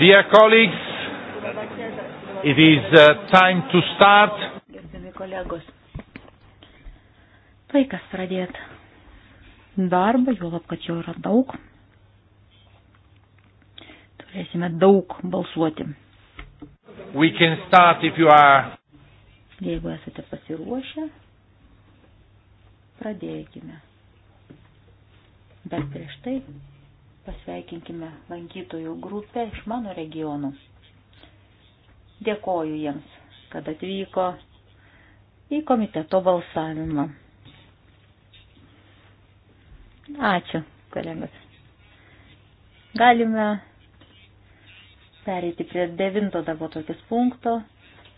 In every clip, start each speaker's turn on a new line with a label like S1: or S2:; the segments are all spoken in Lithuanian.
S1: Dear colleagues, it is uh, time to start.
S2: Gerbiami kolegos, laikas pradėti darbą, juolab, kad jo yra daug. Turėsime daug balsuoti.
S1: We can start if you are.
S2: Jeigu esate pasiruošę, pradėkime. Bet prieš tai pasveikinkime lankytojų grupę iš mano regionų. Dėkoju jiems, kad atvyko į komiteto balsavimą. Ačiū, kolegos. Galime pereiti prie devinto darbo tokias punkto.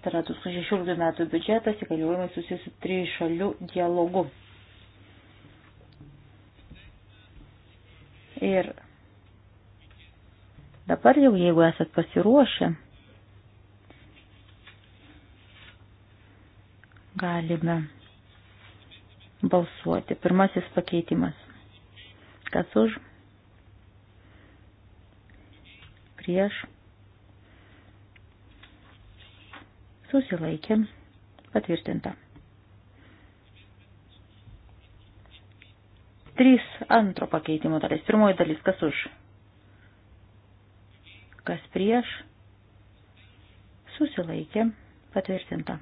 S2: Tai yra 2016 metų biudžetas įgaliojimai susijusiu trijų šalių dialogu. Ir Dabar jau, jeigu esat pasiruošę, galime balsuoti. Pirmasis pakeitimas. Kas už? Prieš. Susilaikė. Patvirtinta. Trys antro pakeitimo dalis. Pirmoji dalis. Kas už? kas prieš, susilaikė, patvirtinta.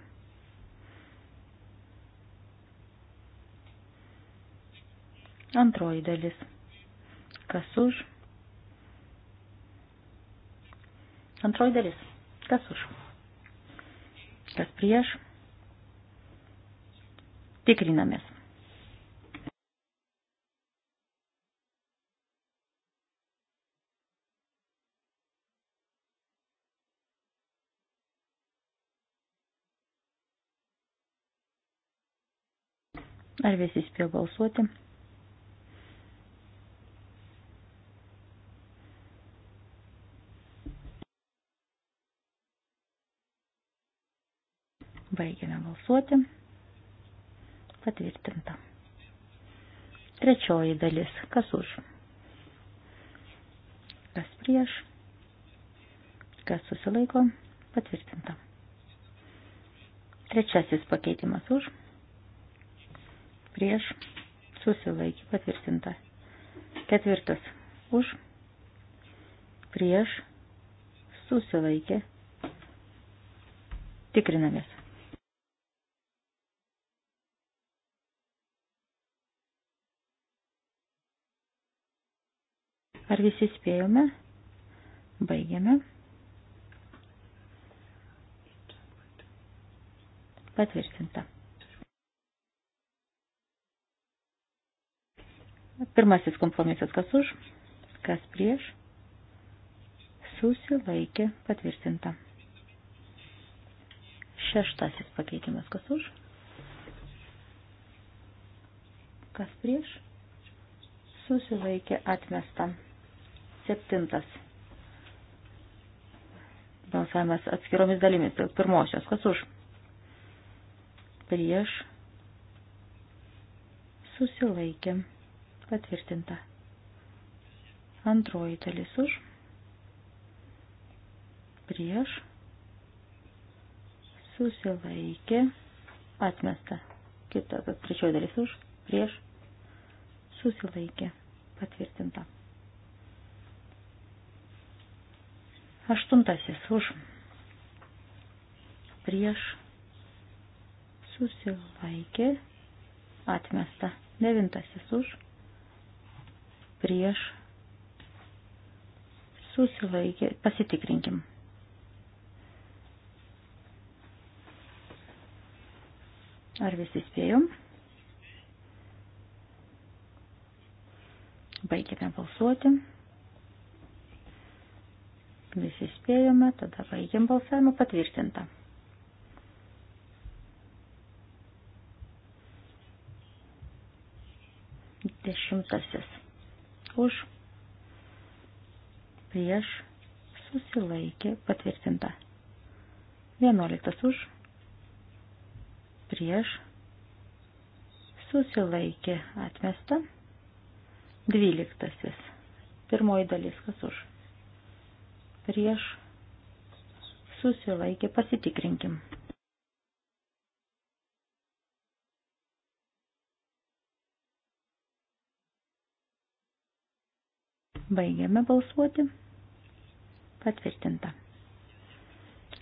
S2: Antroji dalis, kas už, antroji dalis, kas už, kas prieš, tikrinamės. Ar visi spėjo balsuoti? Baigiame balsuoti. Patvirtinta. Trečioji dalis. Kas už? Kas prieš? Kas susilaiko? Patvirtinta. Trečiasis pakeitimas už prieš, susilaikė patvirtinta. Ketvirtas, už, prieš, susilaikė, tikrinamės. Ar visi spėjome? Baigiame. Patvirtinta. Pirmasis kompromisas kas už, kas prieš, susilaikė patvirtinta. Šeštasis pakeitimas kas už, kas prieš, susilaikė atmesta. Septintas. Balsavimas atskiromis dalimis. Pirmosios kas už, prieš, susilaikė atmesta Patvirtinta. Antroji dalis už. Prieš. Susilaikė. Atmesta. Kita, trečioji dalis už. Prieš. Susilaikė. Patvirtinta. Aštuntasis už. Prieš. Susilaikė. Atmesta. Devintasis už prieš, susilaikė, pasitikrinkim. Ar visi spėjom? Baigėme balsuoti. Visi spėjome, tada baigėm balsavimą patvirtintą. Dešimtasis už, prieš, susilaikė, patvirtinta. 11 už, prieš, susilaikė, atmesta. 12. Pirmoji dalis, kas už, prieš, susilaikė, pasitikrinkim. Baigiame balsuoti. Patvirtinta.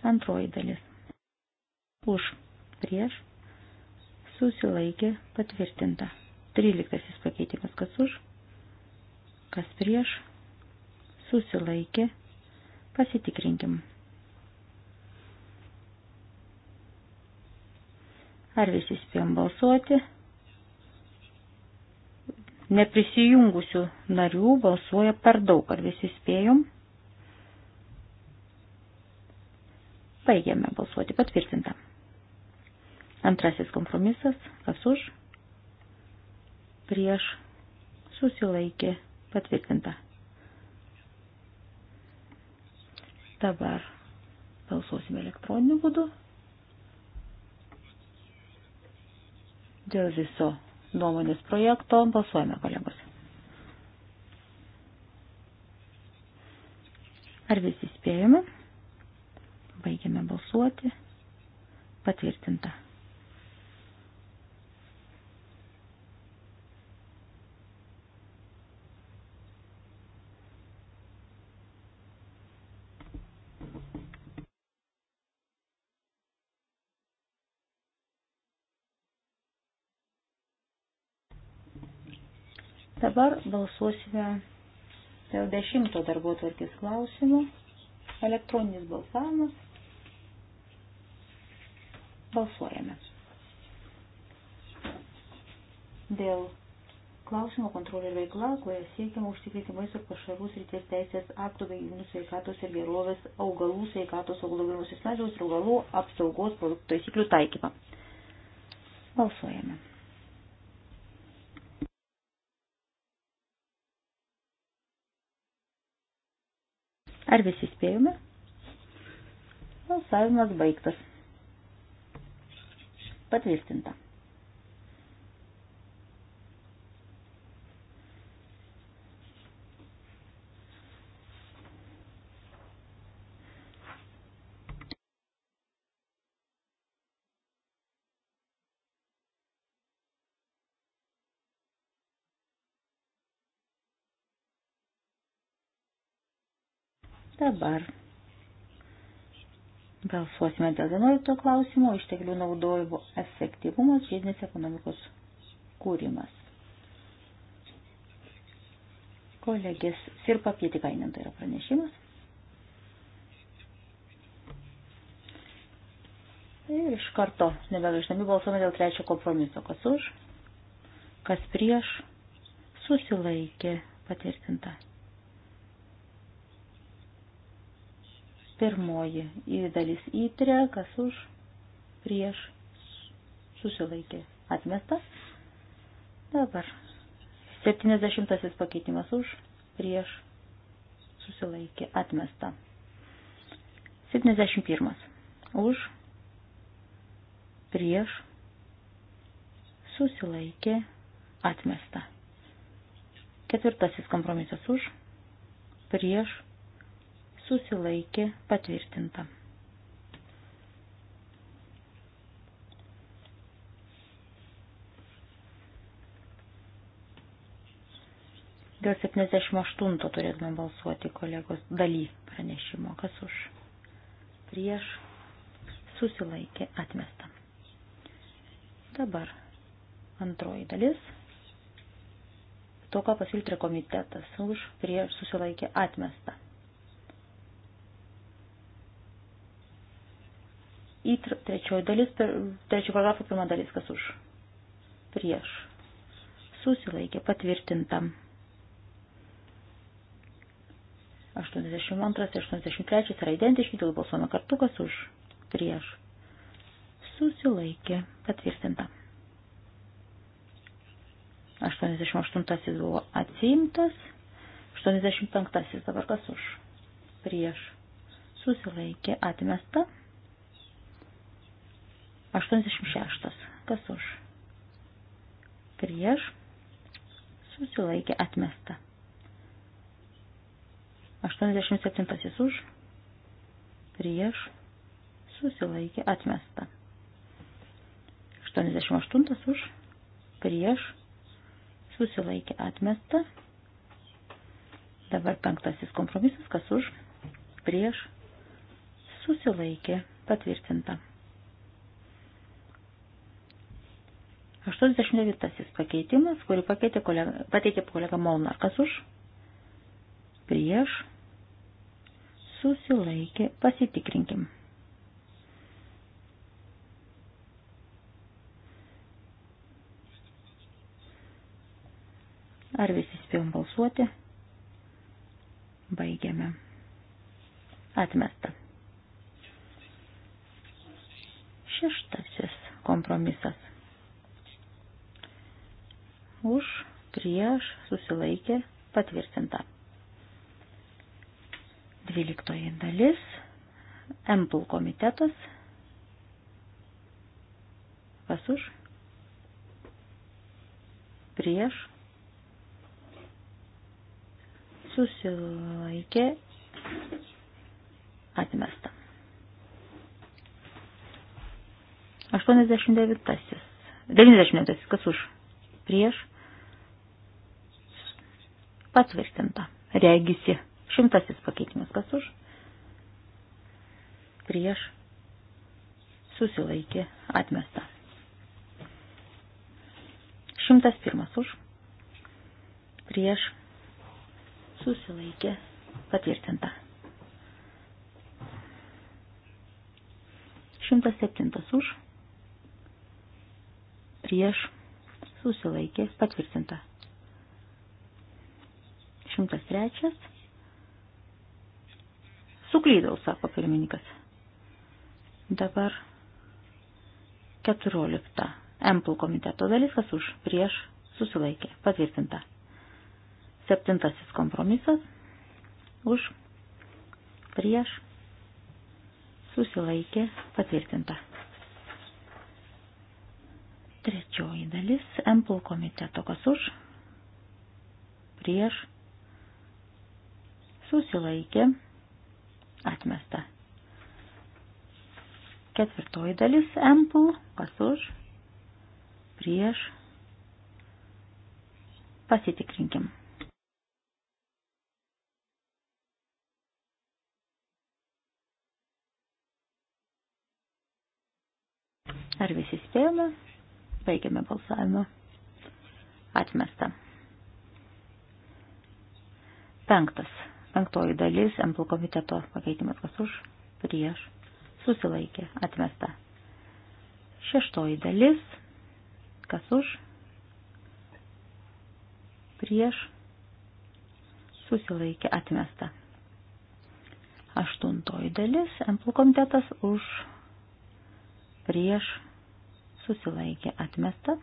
S2: Antroji dalis. Už, prieš, susilaikė, patvirtinta. Tryliktasis pakeitimas, kas už, kas prieš, susilaikė, pasitikrinkim. Ar visi spėjom balsuoti? Neprisijungusių narių balsuoja per daug. Ar visi spėjom? Baigėme balsuoti patvirtintą. Antrasis kompromisas. Kas už? Prieš. Susilaikė. Patvirtinta. Dabar balsuosime elektroniniu būdu. Dėl viso nuomonės projekto. Balsuojame, kolegos. Ar visi spėjome? Baigiame balsuoti. Patvirtinta. Dabar balsuosime dėl dešimto darbo tvarkės klausimų. Elektroninis balsavimas. Balsuojame. Dėl klausimo kontrolė ir veikla, kuria siekiama užtikrinti maisto pašarų srities teisės aktų bei gyvūnų sveikatos ir gerovės augalų sveikatos augalų medžiagos ir augalų apsaugos produktų taisyklių taikymą. Balsuojame. Ar visi spėjome? Balsavimas baigtas. Patvirtinta. Dabar balsuosime dėl 11 klausimo išteklių naudojimo efektyvumas žiedinės ekonomikos kūrimas. Kolegės Sirpa Pietikainen tai yra pranešimas. Ir iš karto, nebegaištami, balsuome dėl trečio kompromiso. Kas už, kas prieš, susilaikė patvirtinta. Pirmoji į dalis įtrė, kas už, prieš, susilaikė, atmesta. Dabar 70 pakeitimas už, prieš, susilaikė, atmesta. 71 už, prieš, susilaikė, atmesta. Ketvirtasis kompromisas už, prieš, susilaikė patvirtinta. Dėl 78 turėtume balsuoti kolegos daly pranešimo, kas už prieš susilaikė atmestą. Dabar antroji dalis. To, ką pasiltrė komitetas už prieš susilaikė atmestą. į trečioji dalis, trečio paragrafo pirma dalis, kas už. Prieš. Susilaikė patvirtinta. 82 ir 83 yra identiški, dėl balsuojame kartu, kas už. Prieš. Susilaikė patvirtinta. 88 buvo atsiimtas. 85 dabar kas už. Prieš. Susilaikė atmesta. 86. Kas už? Prieš. Susilaikė atmesta. 87. Už. Prieš. Susilaikė atmesta. 88. Už. Prieš. Susilaikė atmesta. Dabar penktasis kompromisas. Kas už? Prieš. Susilaikė patvirtinta. 89 pakeitimas, kurį pakeitė kolega, pateikė kolega Molnar. Kas už? Prieš. Susilaikė. Pasitikrinkim. Ar visi spėjom balsuoti? Baigiame. Atmesta. Šeštasis kompromisas už, prieš, susilaikė, patvirtinta. Dvyliktoji dalis, Empul komitetas, kas už, prieš, susilaikė, atmesta. 89. 90. Kas už? prieš patvirtinta. Regisi šimtasis pakeitimas kas už prieš susilaikė atmesta. Šimtas pirmas už prieš susilaikė patvirtinta. 107 už prieš susilaikė patvirtinta. 103. Suklydau, sako pirmininkas. Dabar 14. Empl komiteto dalis, kas už prieš susilaikė patvirtinta. Septintasis kompromisas už prieš susilaikė patvirtinta. Trečioji dalis MPL komiteto kas už, prieš, susilaikė, atmesta. Ketvirtoji dalis MPL kas už, prieš, pasitikrinkim. Ar visi spėjome? Baigiame balsavimą. Atmesta. Penktas. Penktoji dalis. MPL komiteto pakeitimas kas už. Prieš. Susilaikė. Atmesta. Šeštoji dalis. Kas už. Prieš. Susilaikė. Atmesta. Aštuntoji dalis. MPL komitetas už. Prieš susilaikė atmesta.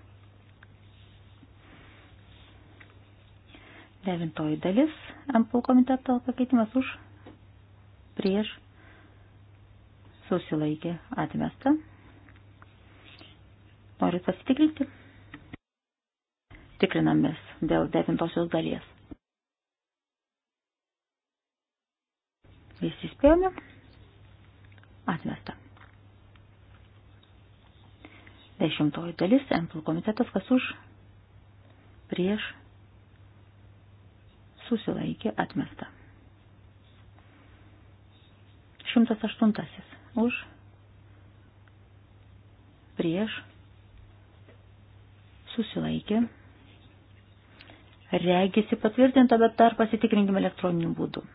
S2: Devintoji dalis MPL komiteto pakeitimas už prieš susilaikė atmesta. Noriu pasitikrinti. Tikrinamės dėl devintosios dalies. Visi spėjome. Atmesta. Dešimtoji dalis, MPL komitetas, kas už, prieš, susilaikė, atmesta. Šimtas aštuntasis, už, prieš, susilaikė. Regisi patvirtinta, bet dar pasitikrinkime elektroniniu būdu.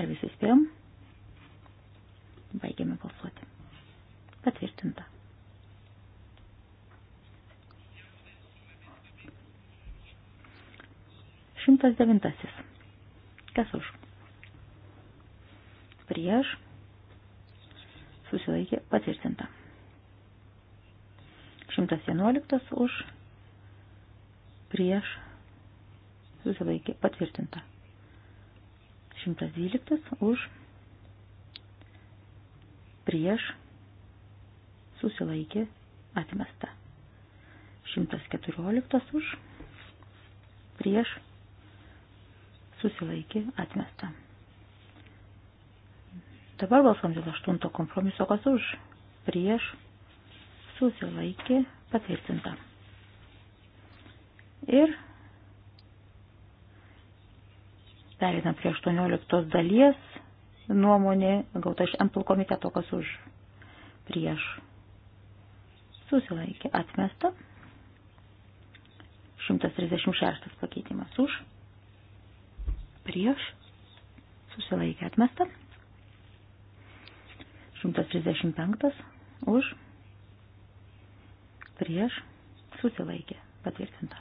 S2: Ar visi spėjom? Baigėme balsuoti. Patvirtinta. Šimtas devintasis. Kas už? Prieš. Susilaikė patvirtinta. Šimtas vienuoliktas už. Prieš. Susilaikė patvirtinta. Šimtas dvyliktas už. Prieš susilaikė atmesta. 114 už, prieš, susilaikė atmesta. Dabar balsuom dėl 8 kompromiso, kas už, prieš, susilaikė patvirtinta. Ir Pereinam prie 18 dalies nuomonė gauta iš MPL komiteto, kas už prieš susilaikė atmesta. 136 pakeitimas už, prieš, susilaikė atmesta. 135 už, prieš, susilaikė patvirtinta.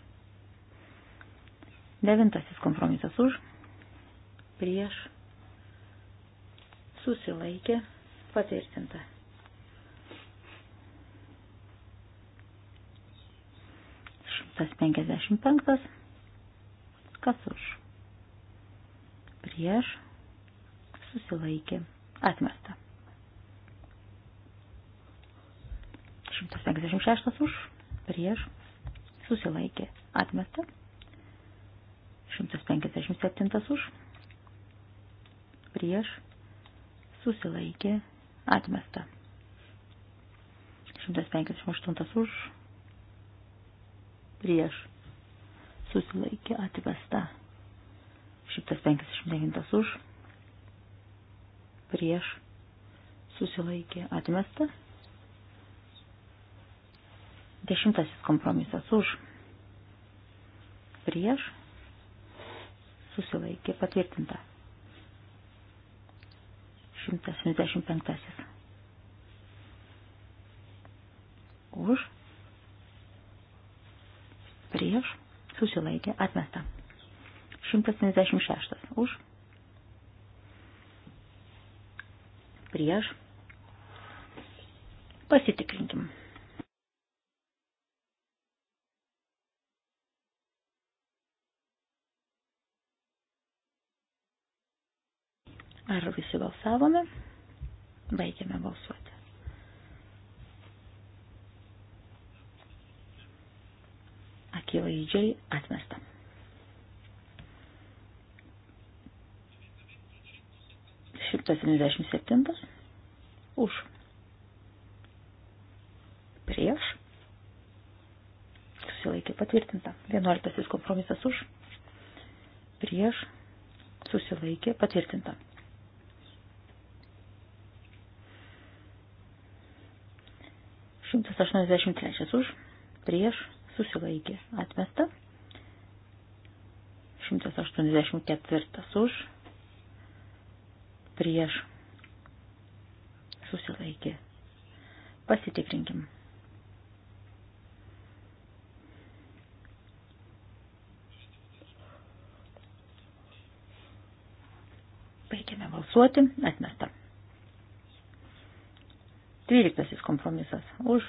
S2: Devintasis kompromisas už, prieš, susilaikė patvirtinta. Šimtas penkiasdešimt penktas. Kas už? Prieš. Susilaikė. Atmesta. 156 už, prieš, susilaikė, atmesta. 157 už, prieš, susilaikė, atmesta. 158 už, prieš susilaikė atvesta. 159 už prieš susilaikė atmesta. Dešimtasis kompromisas už prieš susilaikė patvirtinta. 175 už prieš, susilaikė, atmesta. 176 už, prieš, pasitikrinkim. Ar visi balsavome? Baigėme balsuoti. akivaizdžiai atmesta. Šimtas septyniasdešimt septintas už prieš susilaikė patvirtinta. Vienuoliktasis kompromisas už prieš susilaikė patvirtinta. Šimtas aštuoniasdešimt trečias už prieš susilaikė atmesta. 184 už, prieš, susilaikė. Pasitikrinkim. Baigiame balsuoti, atmesta. Dvyliktasis kompromisas už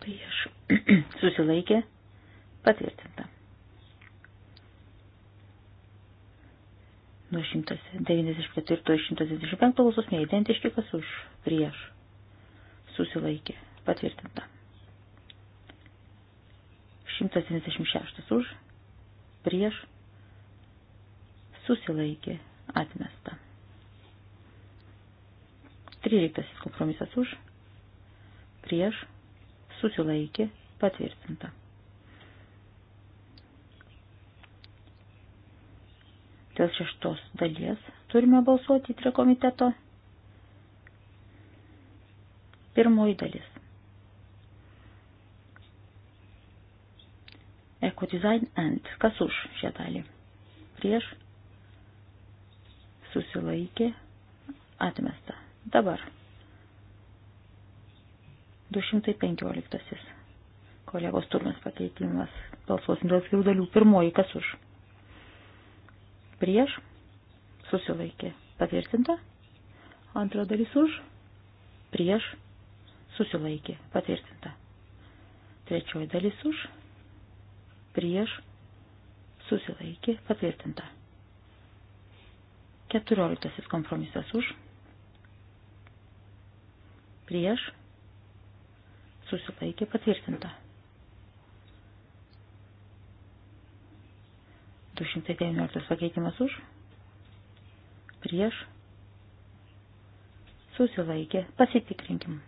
S2: prieš susilaikė patvirtinta. Nuo 194-125 balsus neidentiški, kas už prieš susilaikė patvirtinta. 176 už prieš susilaikė atmesta. 13 kompromisas už prieš susilaikė, patvirtinta. Dėl šeštos dalies turime balsuoti tri komiteto. Pirmoji dalis. Eco Design and. Kas už šią dalį? Prieš susilaikė atmesta. Dabar 215. Kolegos turmas pakeitimas. Balsuosim dėl skirų dalių. Pirmoji, kas už? Prieš. Susilaikė. Patvirtinta. Antra dalis už. Prieš. Susilaikė. Patvirtinta. Trečioji dalis už. Prieš. Susilaikė. Patvirtinta. Keturioliktasis kompromisas už. Prieš susilaikė patvirtinta. 219 pakeitimas už, prieš, susilaikė, pasitikrinkim.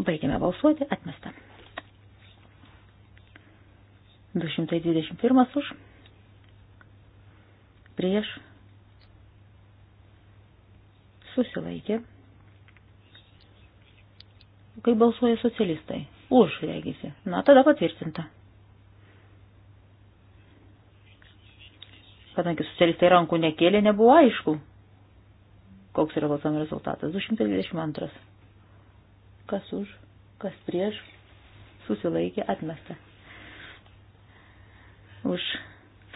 S2: Baigiame balsuoti, atmesta. 221 už, prieš, susilaikė. Kai balsuoja socialistai. Už, regisi. Na, tada patvirtinta. Kadangi socialistai rankų nekėlė, nebuvo aišku, koks yra balsavimo rezultatas. 222. Kas už, kas prieš, susilaikė, atmesta. Už,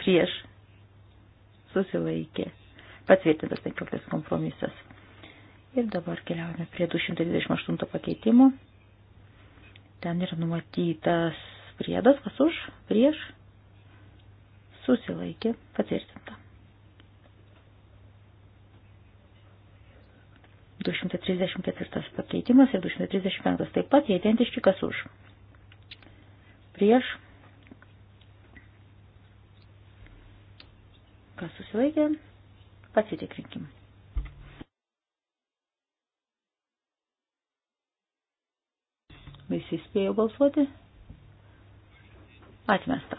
S2: prieš, susilaikė. Patvirtintas 15 kompromisas. Ir dabar keliaujame prie 228 pakeitimų. Ten yra numatytas priedas, kas už, prieš, susilaikė, patvirtinta. 234 pakeitimas ir 235 taip pat, jie identiški, kas už. Prieš, kas susilaikė, pasitikrinkim. Visi spėjo balsuoti. Atmesta.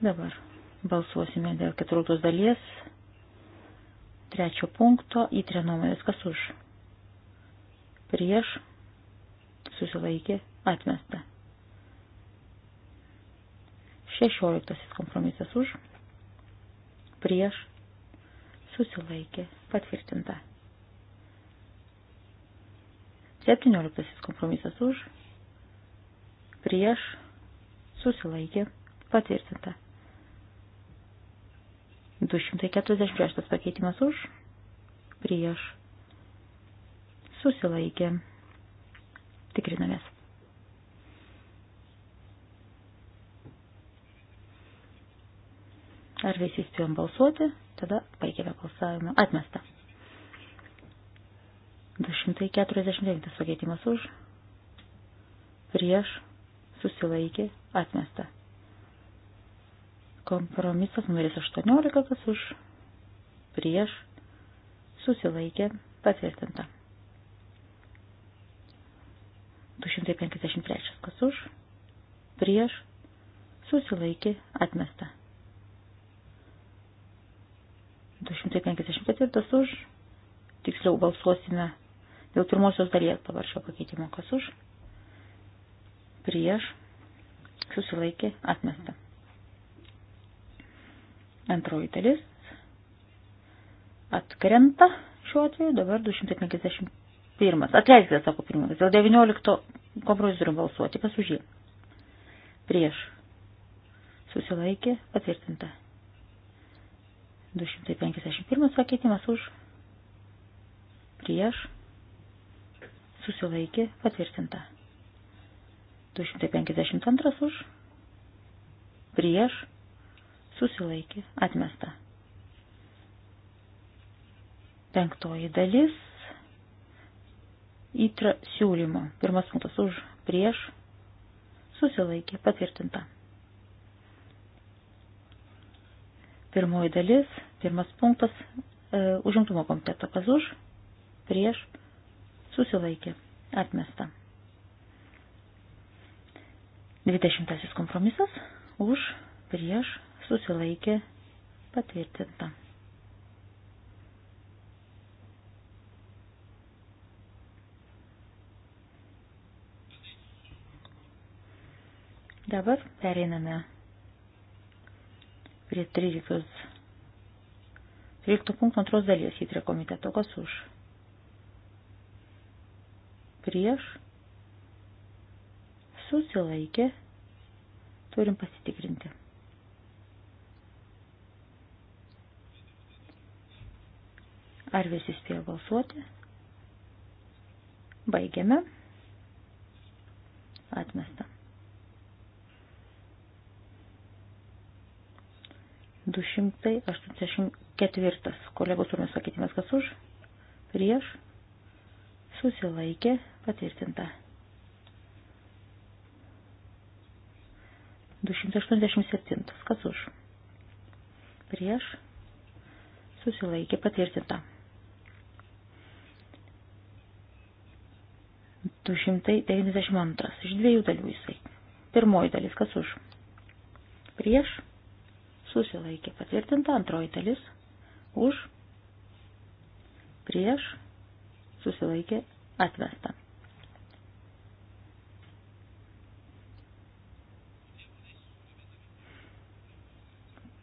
S2: Dabar balsuosime dėl keturtos dalies. Trečio punkto įtrė nuomonės kas už. Prieš susilaikė atmesta. Šešioliktasis kompromisas už. Prieš susilaikė patvirtinta. 17 kompromisas už, prieš, susilaikė, patvirtinta. 246 pakeitimas už, prieš, susilaikė, tikrinamės. Ar visi spėjom balsuoti, tada baigėme balsavimą. Atmesta. 245 pakeitimas už, prieš, susilaikė, atmesta. Kompromisas numeris 18, kas už, prieš, susilaikė, patvirtinta. 253, kas už, prieš, susilaikė, atmesta. 254 už, tiksliau balsuosime Dėl pirmosios dalies dabar šio pakeitimo kas už, prieš, susilaikė, atmesta. Antroji dalis atkrenta šiuo atveju, dabar 251. Atleiskite, sako pirmininkas, dėl 19 kompromisų turim balsuoti, kas už jį. Prieš. Susilaikė, patvirtinta. 251 pakeitimas už. Prieš susilaikė patvirtinta. 252 už, prieš, susilaikė atmesta. Penktoji dalis įtra siūlymo. Pirmas punktas už, prieš, susilaikė patvirtinta. Pirmoji dalis, pirmas punktas e, užimtumo komiteto, kas už, prieš, susilaikė, atmesta. 20 kompromisas už, prieš, susilaikė, patvirtinta. Dabar pereiname prie 13, 13 punktų antros dalies įtrė komiteto, kas už prieš, susilaikė, turim pasitikrinti. Ar visi spėjo balsuoti? Baigiame. Atmesta. 284. Kolegos turime sakytimas, kas už, prieš, susilaikė patvirtinta. 287. Kas už? Prieš susilaikė patvirtinta. 292. Iš dviejų dalių jisai. Pirmoji dalis kas už? Prieš susilaikė patvirtinta. Antroji dalis už. Prieš susilaikė atvesta.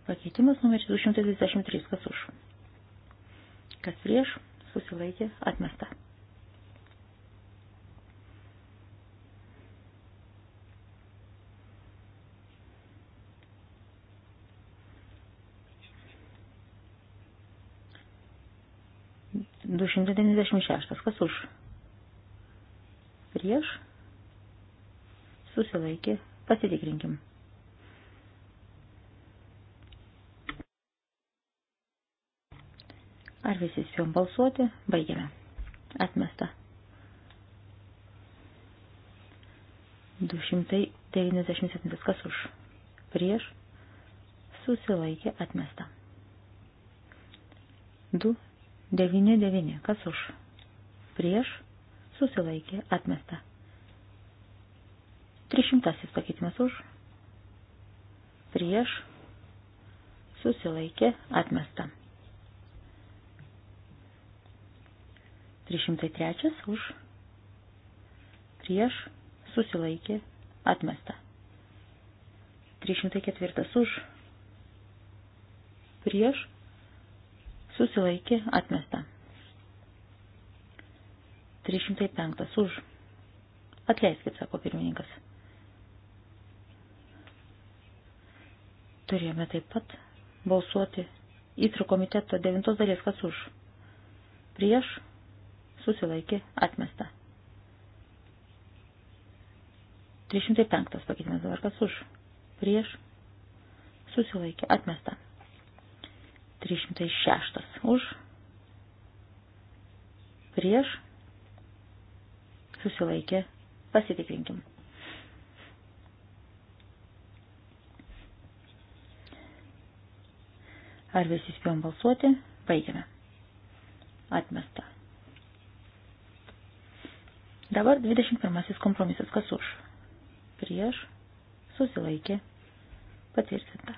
S2: Pakeitimas numeris 223, kas už. Kas prieš, susilaikė atmesta. 296. Kas už? Prieš? Susilaikė. Pasitikrinkim. Ar visi spėjom balsuoti? Baigiame. Atmesta. 297. Kas už? Prieš? Susilaikė. Atmesta. 2, 99. Kas už? Prieš susilaikė atmesta. 300 pakeitimas už. Prieš susilaikė atmesta. 303 už. Prieš susilaikė atmesta. 304 už. Prieš susilaikė atmesta. 305 už. Atleiskit, sako pirmininkas. Turėjome taip pat balsuoti įtrio komiteto devintos dalies kas už. Prieš susilaikė atmesta. 305 pakeitimas dabar kas už. Prieš susilaikė atmesta. 306 už, prieš, susilaikė, pasitikrinkim. Ar visi spėjom balsuoti? Baigiame. Atmesta. Dabar 21 kompromisas. Kas už? Prieš. Susilaikė. Patvirtinta.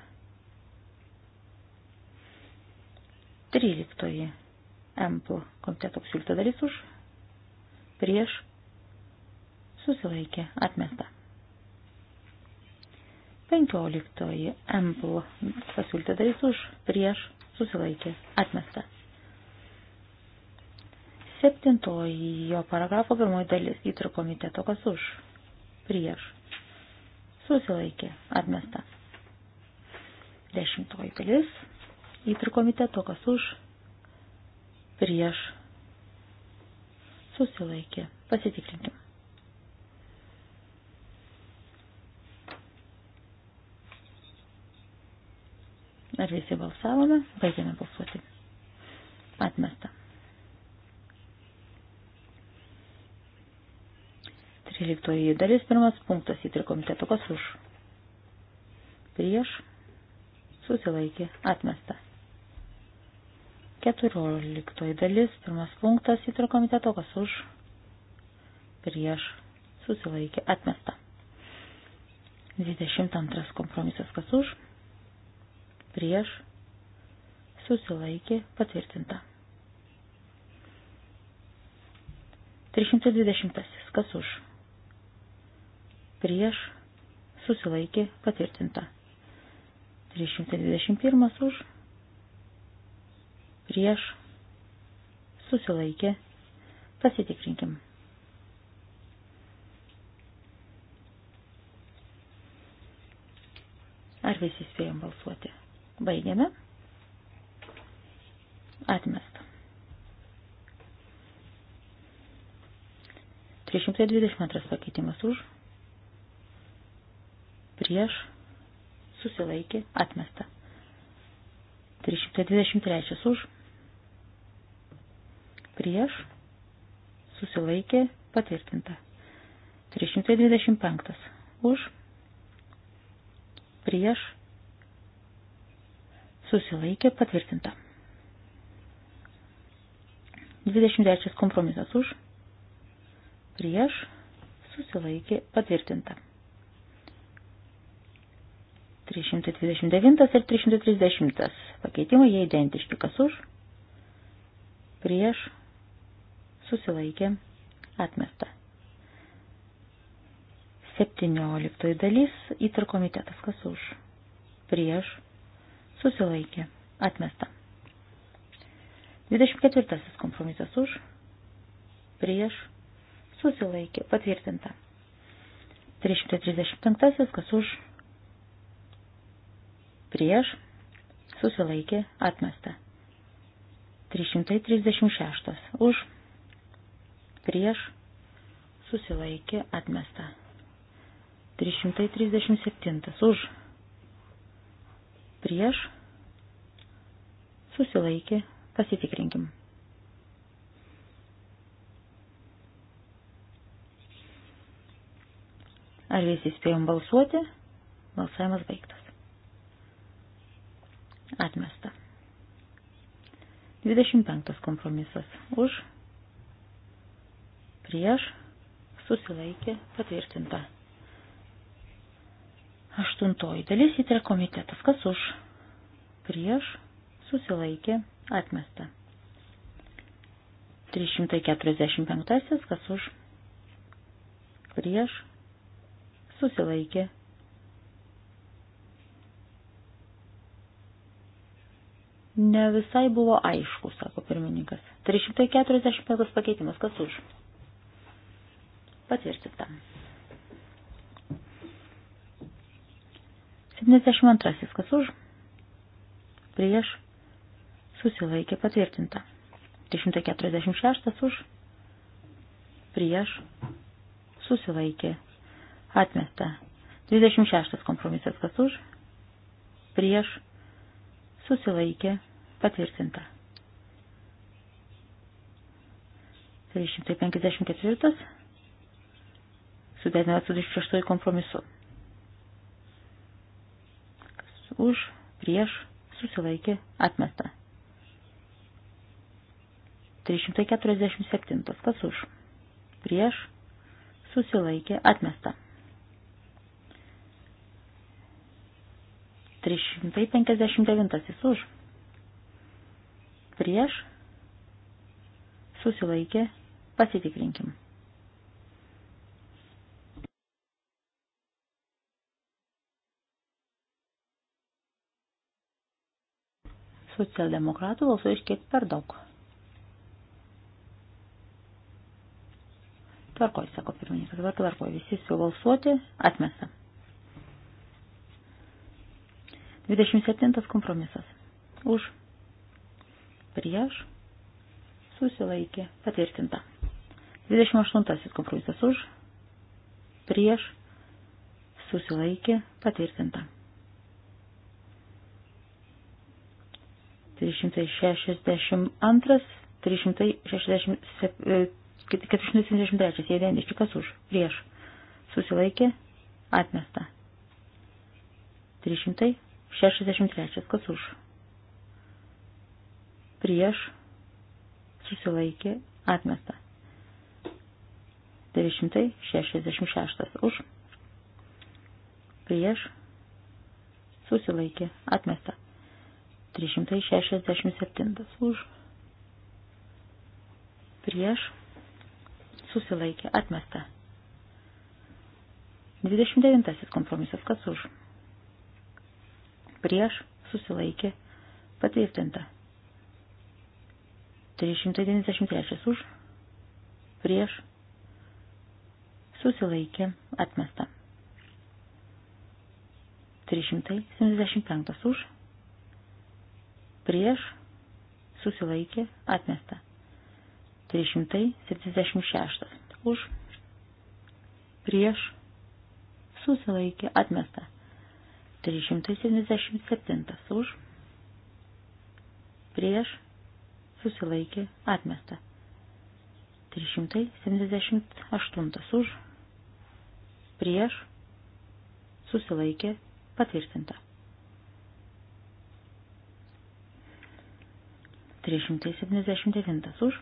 S2: 13. Empl komiteto pasiūlyta dalis už, prieš, susilaikė, atmesta. 15. Empl pasiūlyta dalis už, prieš, susilaikė, atmesta. 7. Jo paragrafo pirmoji dalis įtro komiteto kas už, prieš, susilaikė, atmesta. 10. dalis įtri komiteto, kas už, prieš, susilaikė. Pasitikrinkim. Ar visi balsavome? Baigėme balsuoti. Atmesta. 13 dalis, pirmas punktas įtri komiteto, kas už, prieš, susilaikė, atmesta. 14 dalis, pirmas punktas įtrio komiteto, kas už, prieš, susilaikė, atmesta. 22 kompromisas, kas už, prieš, susilaikė, patvirtinta. 320, kas už, prieš, susilaikė, patvirtinta. 321 už, prieš, susilaikė, pasitikrinkim. Ar visi spėjom balsuoti? Baigiame. Atmesta. 322 pakeitimas už, prieš, susilaikė, atmesta. 323 už, prieš, susilaikė, patvirtinta. 325 už, prieš, susilaikė, patvirtinta. 23 kompromisas už, prieš, susilaikė, patvirtinta. 329 ir 330 pakeitimai jie identiški, kas už, prieš, susilaikė, atmesta. 17 dalis įtarkomitetas kas už, prieš, susilaikė, atmesta. 24 kompromisas už, prieš, susilaikė, patvirtinta. 335 kas už, prieš, susilaikė, atmesta. 336 už, prieš, susilaikė, atmesta. 337 už, prieš, susilaikė, pasitikrinkim. Ar visi spėjom balsuoti? Balsavimas baigtas. Atmesta. 25 kompromisas. Už prieš, susilaikė, patvirtinta. Aštuntoji dalis įtrė komitetas, kas už, prieš, susilaikė, atmesta. 345, kas už, prieš, susilaikė. Ne visai buvo aišku, sako pirmininkas. 345 pakeitimas, kas už? Patvirtinta. 72. Kas už? Prieš. Susilaikė patvirtinta. 346 už. Prieš. Susilaikė. Atmesta. 26 kompromisas kas už. Prieš. Susilaikė. Patvirtinta. 354 sudėtinę su 26 kompromisu. Kas už, prieš, susilaikė, atmesta. 347. Kas už, prieš, susilaikė, atmesta. 359. Jis už, prieš, susilaikė, pasitikrinkim. socialdemokratų balsuoja iš kiek per daug. Tvarkoj, sako pirmininkas, dabar tvarkoj, visi jau balsuoti, atmesta. 27 kompromisas. Už. Prieš. Susilaikė. Patvirtinta. 28 kompromisas. Už. Prieš. Susilaikė. Patvirtinta. 362, 367, 473 jėdeniški, kas už, prieš, susilaikė, atmesta. 363, kas už, prieš, susilaikė, atmesta. 966 už, prieš, susilaikė, atmesta. 367 už. Prieš. Susilaikė. Atmesta. 29 kompromisas. Kas už? Prieš. Susilaikė. Patvirtinta. 393 už. Prieš. Susilaikė. Atmesta. 375 už prieš, susilaikė, atmesta. 376 už, prieš, susilaikė, atmesta. 377 už, prieš, susilaikė, atmesta. 378 už, prieš, susilaikė, patvirtinta. 379 už,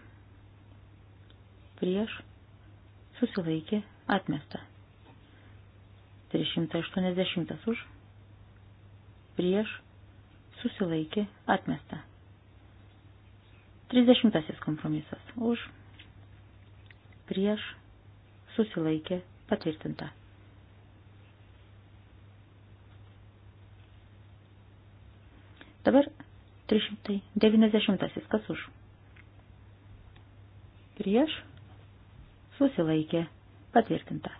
S2: prieš, susilaikė, atmesta. 380 už, prieš, susilaikė, atmesta. 30 kompromisas už, prieš, susilaikė, patvirtinta. Dabar 390. Kas už? Prieš. Susilaikė. Patvirtinta.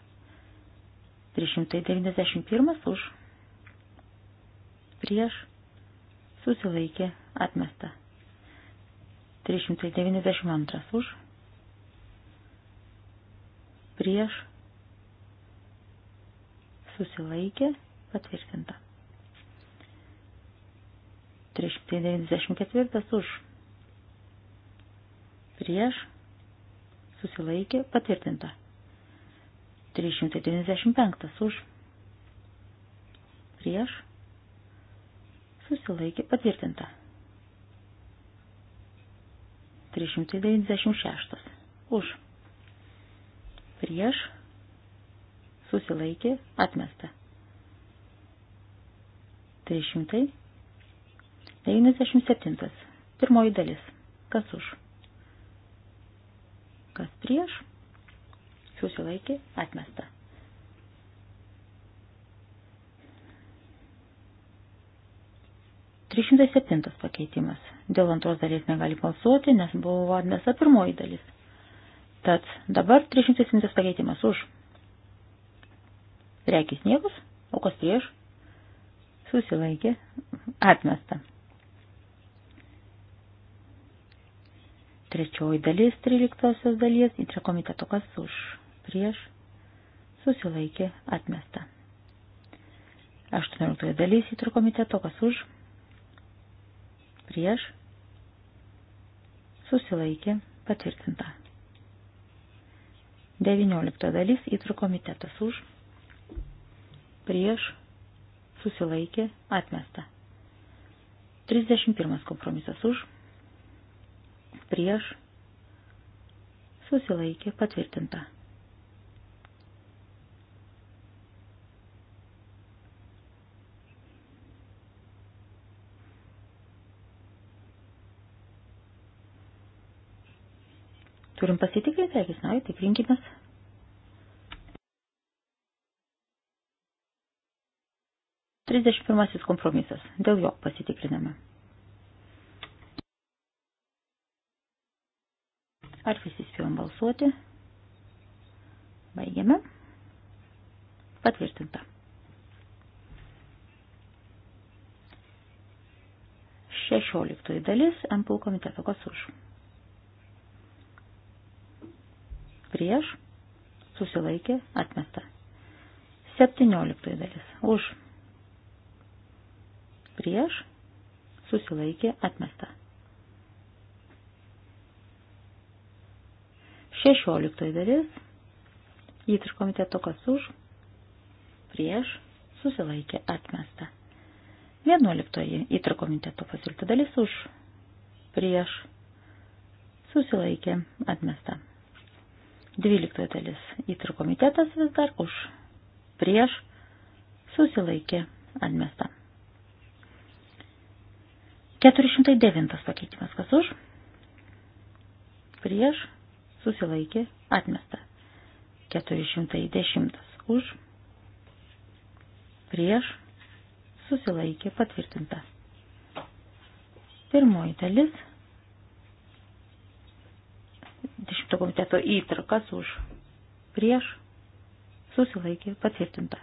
S2: 391 už. Prieš. Susilaikė. Atmesta. 392 už. Prieš. Susilaikė. Patvirtinta. 394 už. Prieš susilaikė patvirtinta. 395 už. Prieš susilaikė patvirtinta. 396 už. Prieš susilaikė atmesta. 300 97. Pirmoji dalis. Kas už? Kas prieš? Susilaikė atmesta. Trišimtas septintas pakeitimas. Dėl antros dalies negali balsuoti, nes buvo atmesta pirmoji dalis. Tad dabar 307 pakeitimas už. Reikis niekus, o kas prieš? Susilaikė, atmesta. Trečioji dalis, tryliktosios dalies, įtre komiteto kas už, prieš, susilaikė, atmesta. Aštuonioliktoji dalis, įtre komiteto kas už, prieš, susilaikė, patvirtinta. Devinioliktoji dalis, įtre komitetas už, prieš, susilaikė, atmesta. 31 kompromisas už prieš, susilaikė patvirtinta. Turim pasitikrinti, jeigu žinai, tikrinkimės. Trisdešimt pirmasis kompromisas. Dėl jo pasitikriname. Ar visi spėjom balsuoti? Baigiame. Patvirtinta. Šešioliktoji dalis MPU komiteto kas už. Prieš susilaikė atmesta. Septynioliktoji dalis už. Prieš susilaikė atmesta. 16 dalis. Jis iš komiteto kas už, prieš, susilaikė, atmesta. 11 įtra komiteto pasiūlyta dalis už, prieš, susilaikė, atmesta. 12 dalis įtra komitetas vis dar už, prieš, susilaikė, atmesta. 409 pakeitimas kas už, prieš, susilaikė, atmesta. 410 už, prieš, susilaikė, patvirtinta. Pirmoji dalis, 10 komiteto įtrakas už, prieš, susilaikė, patvirtinta.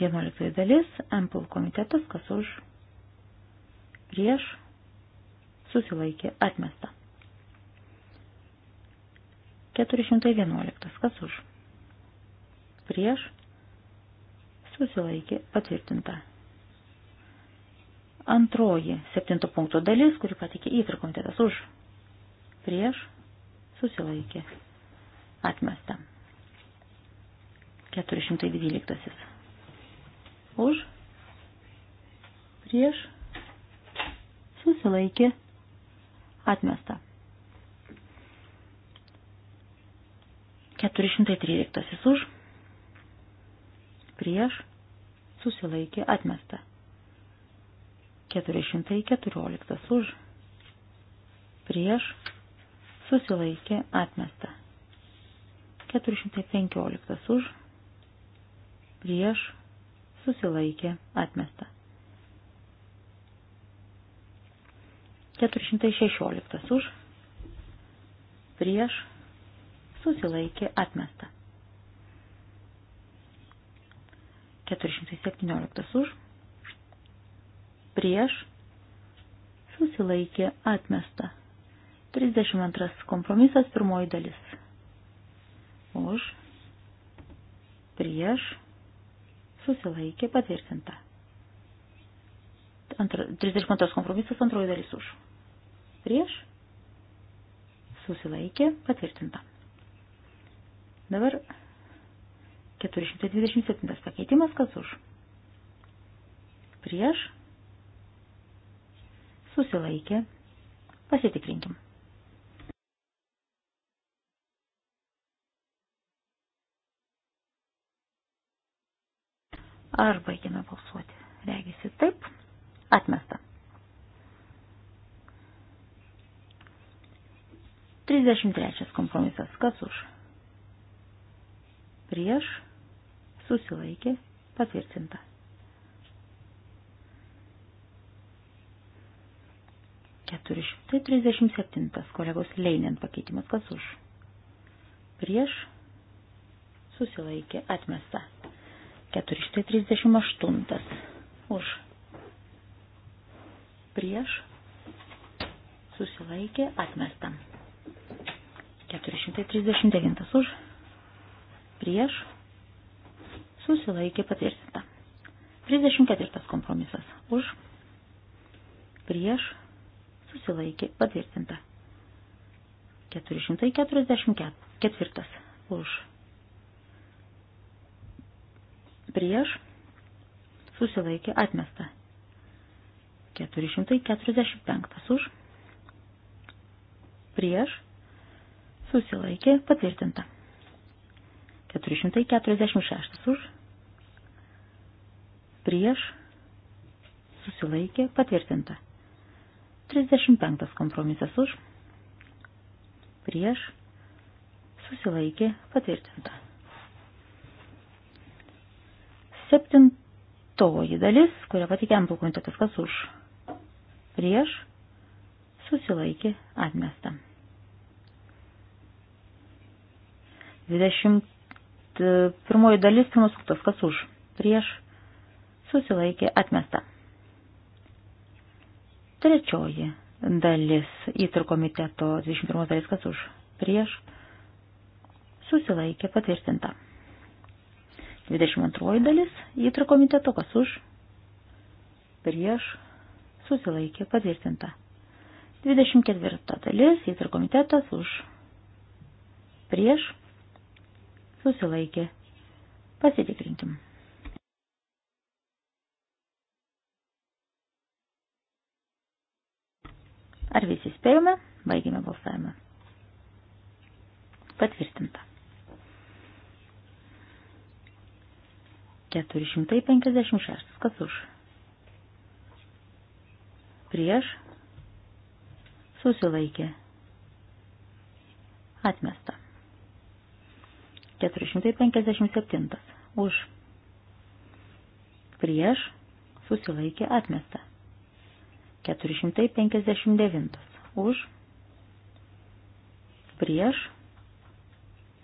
S2: 11 dalis, MPL komitetas, kas už, prieš, susilaikė atmesta. 411. Kas už? Prieš susilaikė patvirtinta. Antroji septinto punkto dalis, kuri patikė įtrakomitetas už. Prieš susilaikė atmesta. 412. Už. Prieš susilaikė atmesta Atmesta. 413 už. Prieš. Susilaikė. Atmesta. 414 už. Prieš. Susilaikė. Atmesta. 415 už. Prieš. Susilaikė. Atmesta. 416 už, prieš, susilaikė atmesta. 417 už, prieš, susilaikė atmesta. 32 kompromisas pirmoji dalis. Už, prieš, susilaikė patvirtinta. Antra, 32 kompromisas antroji dalis už prieš, susilaikė, patvirtinta. Dabar 427 pakeitimas, kas už, prieš, susilaikė, pasitikrinkim. Ar baigėme balsuoti? Regisi taip. Atmesta. 33 kompromisas. Kas už? Prieš susilaikė patvirtinta. Keturi šimtai trisdešimt septintas kolegos Leinin pakeitimas. Kas už? Prieš susilaikė atmesta. Keturi šimtai trisdešimt aštuntas. Už. Prieš susilaikė atmestam. 439 už, prieš, susilaikė patvirtinta. 34 kompromisas už, prieš, susilaikė patvirtinta. 444 už, prieš, susilaikė atmesta. 445 už, prieš, susilaikė patvirtinta. 446 už, prieš, susilaikė patvirtinta. 35 kompromisas už, prieš, susilaikė patvirtinta. Septintoji dalis, kurią patikė amplų komitetas, kas už, prieš, susilaikė atmestą. 21 dalis, pirmas punktas, kas už, prieš, susilaikė, atmesta. Trečioji dalis įtrio komiteto 21 dalis, kas už, prieš, susilaikė, patvirtinta. 22 dalis įtrio komiteto, kas už, prieš, susilaikė, patvirtinta. 24 dalis įtrio komitetas už, prieš, susilaikė. Pasitikrinkim. Ar visi spėjome? Baigėme balsavimą. Patvirtinta. 456. Kas už? Prieš. Susilaikė. Atmesta. 457. Už. Prieš. Susilaikė atmesta. 459. Už. Prieš.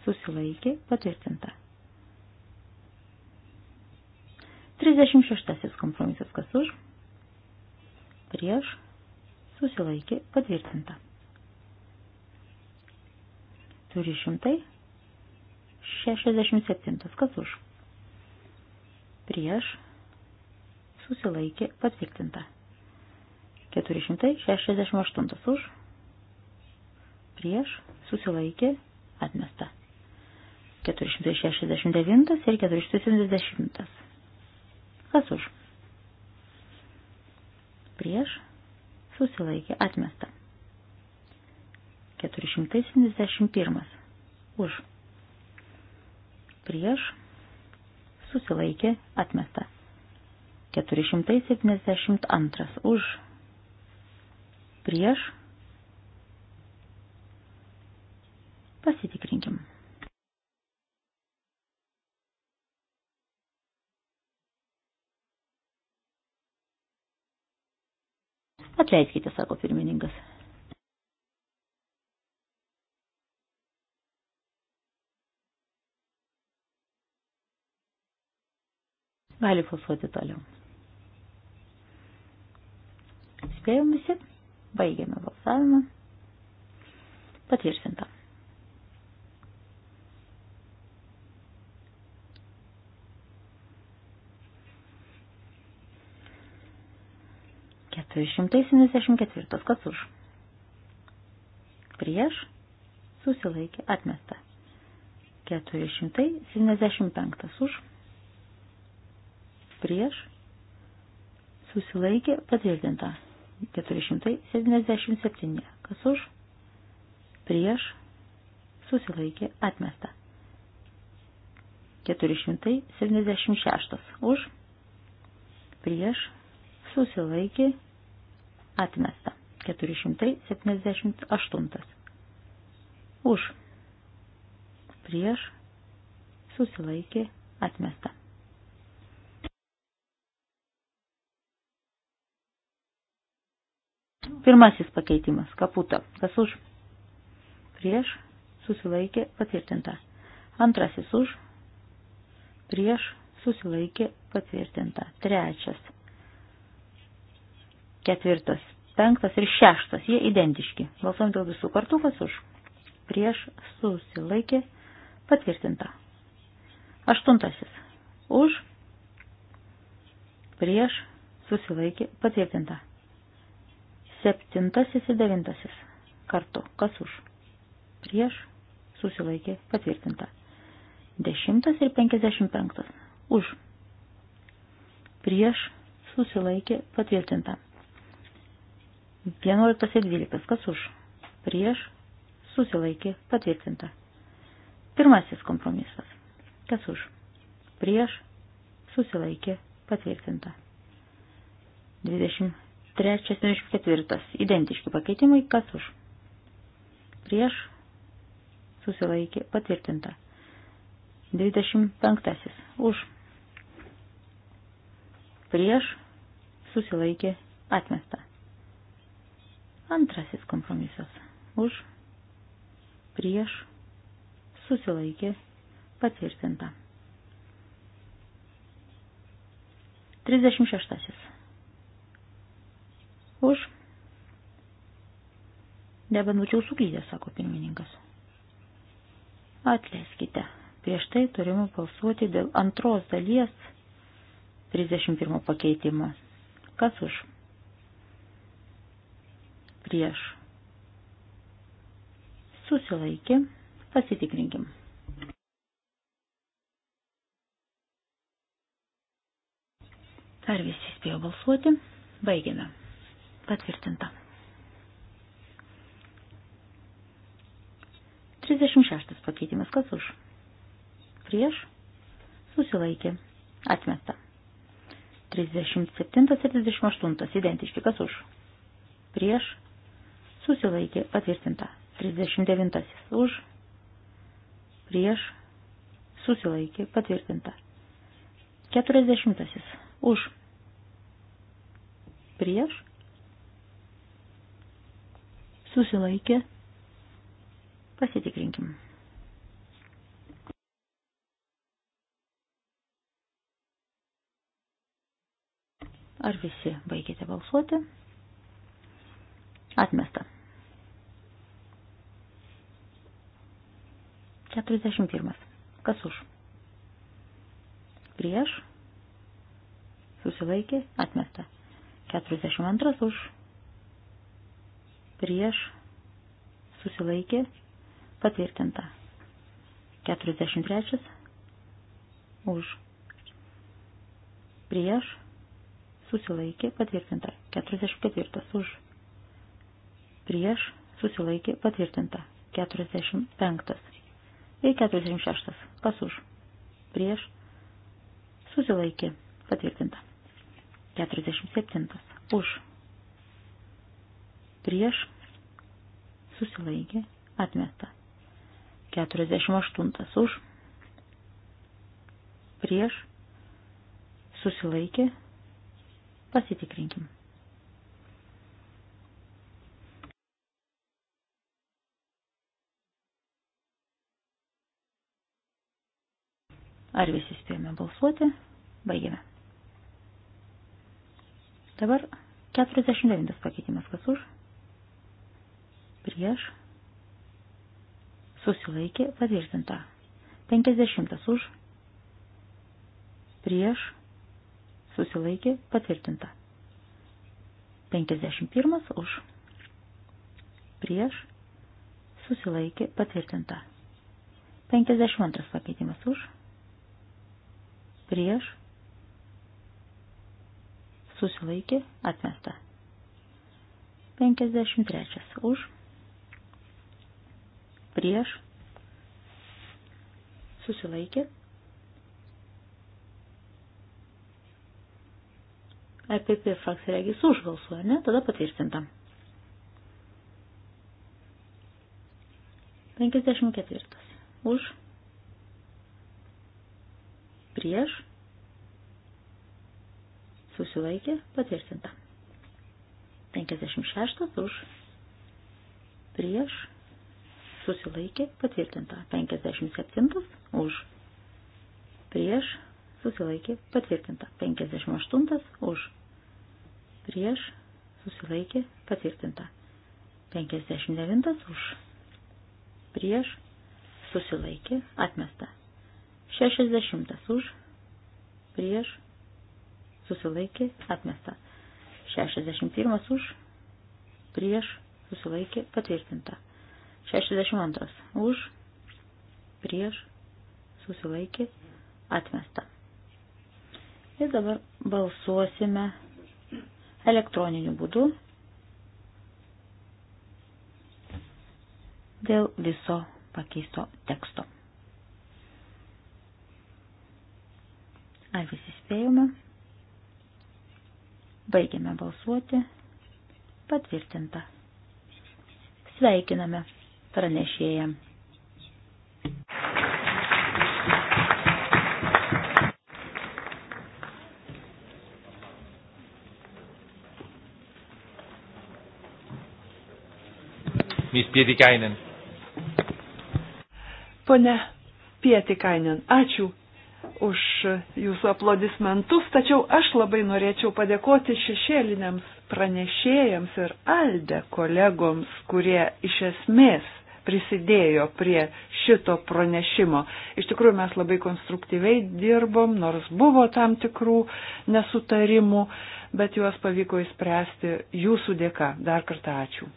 S2: Susilaikė patvirtinta. 36. Kompromisas kas už. Prieš. Susilaikė patvirtinta. 400. 67. Kas už? Prieš. Susilaikė patvirtinta. 468 už. Prieš. Susilaikė atmesta. 469 ir 470. Kas už? Prieš. Susilaikė atmesta. 471. Už prieš, susilaikė, atmesta. 472 už, prieš, pasitikrinkim. Atleiskite, sako pirmininkas. Gali balsuoti toliau. Spėjom visi. Baigėme balsavimą. Patvirtinta. Keturi šimtai septyniasdešimt ketvirtas. Kas už? Prieš susilaikė atmesta. 475 už prieš, susilaikė patvirtinta. 477. Kas už, prieš, susilaikė atmesta. 476. Už, prieš, susilaikė atmesta. 478. Už, prieš, susilaikė atmesta. Pirmasis pakeitimas. Kaputa. Kas už? Prieš. Susilaikė. Patvirtinta. Antrasis už. Prieš. Susilaikė. Patvirtinta. Trečias. Ketvirtas. Penktas ir šeštas. Jie identiški. Balsuojam dėl visų kartų. Kas už? Prieš. Susilaikė. Patvirtinta. Aštuntasis. Už. Prieš. Susilaikė. Patvirtinta. Septintasis ir devintasis kartu. Kas už? Prieš susilaikė patvirtinta. Dešimtas ir penkisdešimt penktas. Už. Prieš susilaikė patvirtinta. Vienuoliktas ir dvyliktas. Kas už? Prieš susilaikė patvirtinta. Pirmasis kompromisas. Kas už? Prieš susilaikė patvirtinta. 20 trečias, 74. Identiški pakeitimai, kas už? Prieš susilaikė patvirtinta. 25. Už. Prieš susilaikė atmesta. Antrasis kompromisas. Už. Prieš susilaikė patvirtinta. 36 už. Nebenučiau suklydę, sako pirmininkas. Atleiskite, prieš tai turime balsuoti dėl antros dalies 31 pakeitimo. Kas už? Prieš. Susilaikė, pasitikrinkim. Ar visi spėjo balsuoti? Baigėme. Patvirtinta. 36 pakeitimas. Kas už? Prieš. Susilaikė. Atmesta. 37 ir 38 identiški. Kas už? Prieš. Susilaikė. Patvirtinta. 39 už. Prieš. Susilaikė. Patvirtinta. 40 už. Prieš susilaikė, pasitikrinkim. Ar visi baigėte balsuoti? Atmesta. 41. Kas už? Prieš. Susilaikė. Atmesta. 42 už prieš, susilaikė, patvirtinta. 43 už, prieš, susilaikė, patvirtinta. 44 už, prieš, susilaikė, patvirtinta. 45 ir 46, kas už, prieš, susilaikė, patvirtinta. 47 už prieš, susilaikė, atmesta. 48 už, prieš, susilaikė, pasitikrinkim. Ar visi spėjome balsuoti? Baigėme. Dabar 49 pakeitimas kas už? prieš, susilaikė patvirtinta. 50 už, prieš, susilaikė patvirtinta. 51 už, prieš, susilaikė patvirtinta. 52 pakeitimas už, prieš, susilaikė atmesta. 53 už, prieš prieš, susilaikė. EPP frakcija regis užbalsuoja, ne? Tada patvirtinta. 54. Už. Prieš. Susilaikė. Patvirtinta. 56. Už. Prieš susilaikė patvirtinta. 57 už prieš susilaikė patvirtinta. 58 už prieš susilaikė patvirtinta. 59 už prieš susilaikė atmesta. 60 už prieš susilaikė atmesta. 61 už prieš susilaikė patvirtinta. 62. Už, prieš, susilaikė, atmesta. Ir dabar balsuosime elektroniniu būdu dėl viso pakeisto teksto. Ar visi spėjome? Baigiame balsuoti. Patvirtinta. Sveikiname pranešėja.
S1: Miss Pietikainen.
S3: Pone Pietikainen, ačiū už jūsų aplodismentus, tačiau aš labai norėčiau padėkoti šešėliniams pranešėjams ir Alde kolegoms, kurie iš esmės prisidėjo prie šito pranešimo. Iš tikrųjų mes labai konstruktyviai dirbom, nors buvo tam tikrų nesutarimų, bet juos pavyko įspręsti jūsų dėka. Dar kartą ačiū.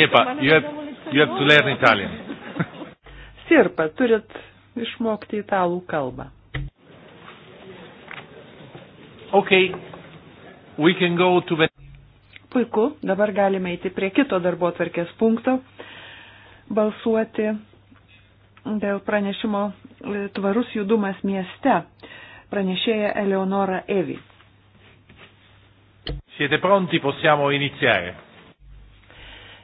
S3: Siepa, you have, you have to learn Italian sirpa, turit išmokti italų kalbą.
S1: Okay. We can go to the...
S3: Puiku, dabar galime eiti prie kito darbo atvarkės punkto, balsuoti dėl pranešimo e, tvarus judumas mieste, pranešėja Eleonora Evi.
S1: Siete pronti, possiamo iniziare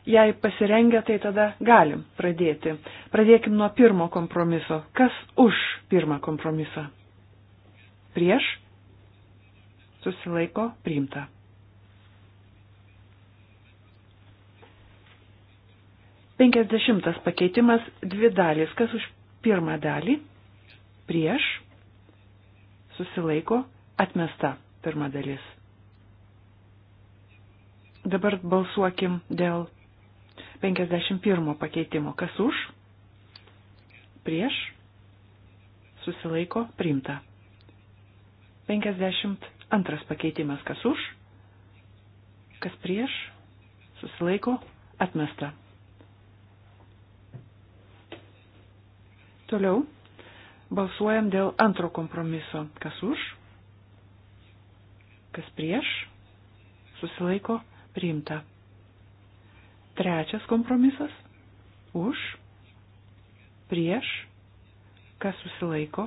S3: jei pasirengę, tai tada galim pradėti. Pradėkim nuo pirmo kompromiso. Kas už pirmą kompromisą? Prieš? Susilaiko priimta. Penkiasdešimtas pakeitimas dvi dalys. Kas už pirmą dalį? Prieš? Susilaiko atmesta pirma dalis. Dabar balsuokim dėl 51 pakeitimo. Kas už? Prieš? Susilaiko priimta. 52 pakeitimas. Kas už? Kas prieš? Susilaiko atmesta. Toliau balsuojam dėl antro kompromiso. Kas už? Kas prieš? Susilaiko priimta. Trečias kompromisas - už, prieš, kas susilaiko,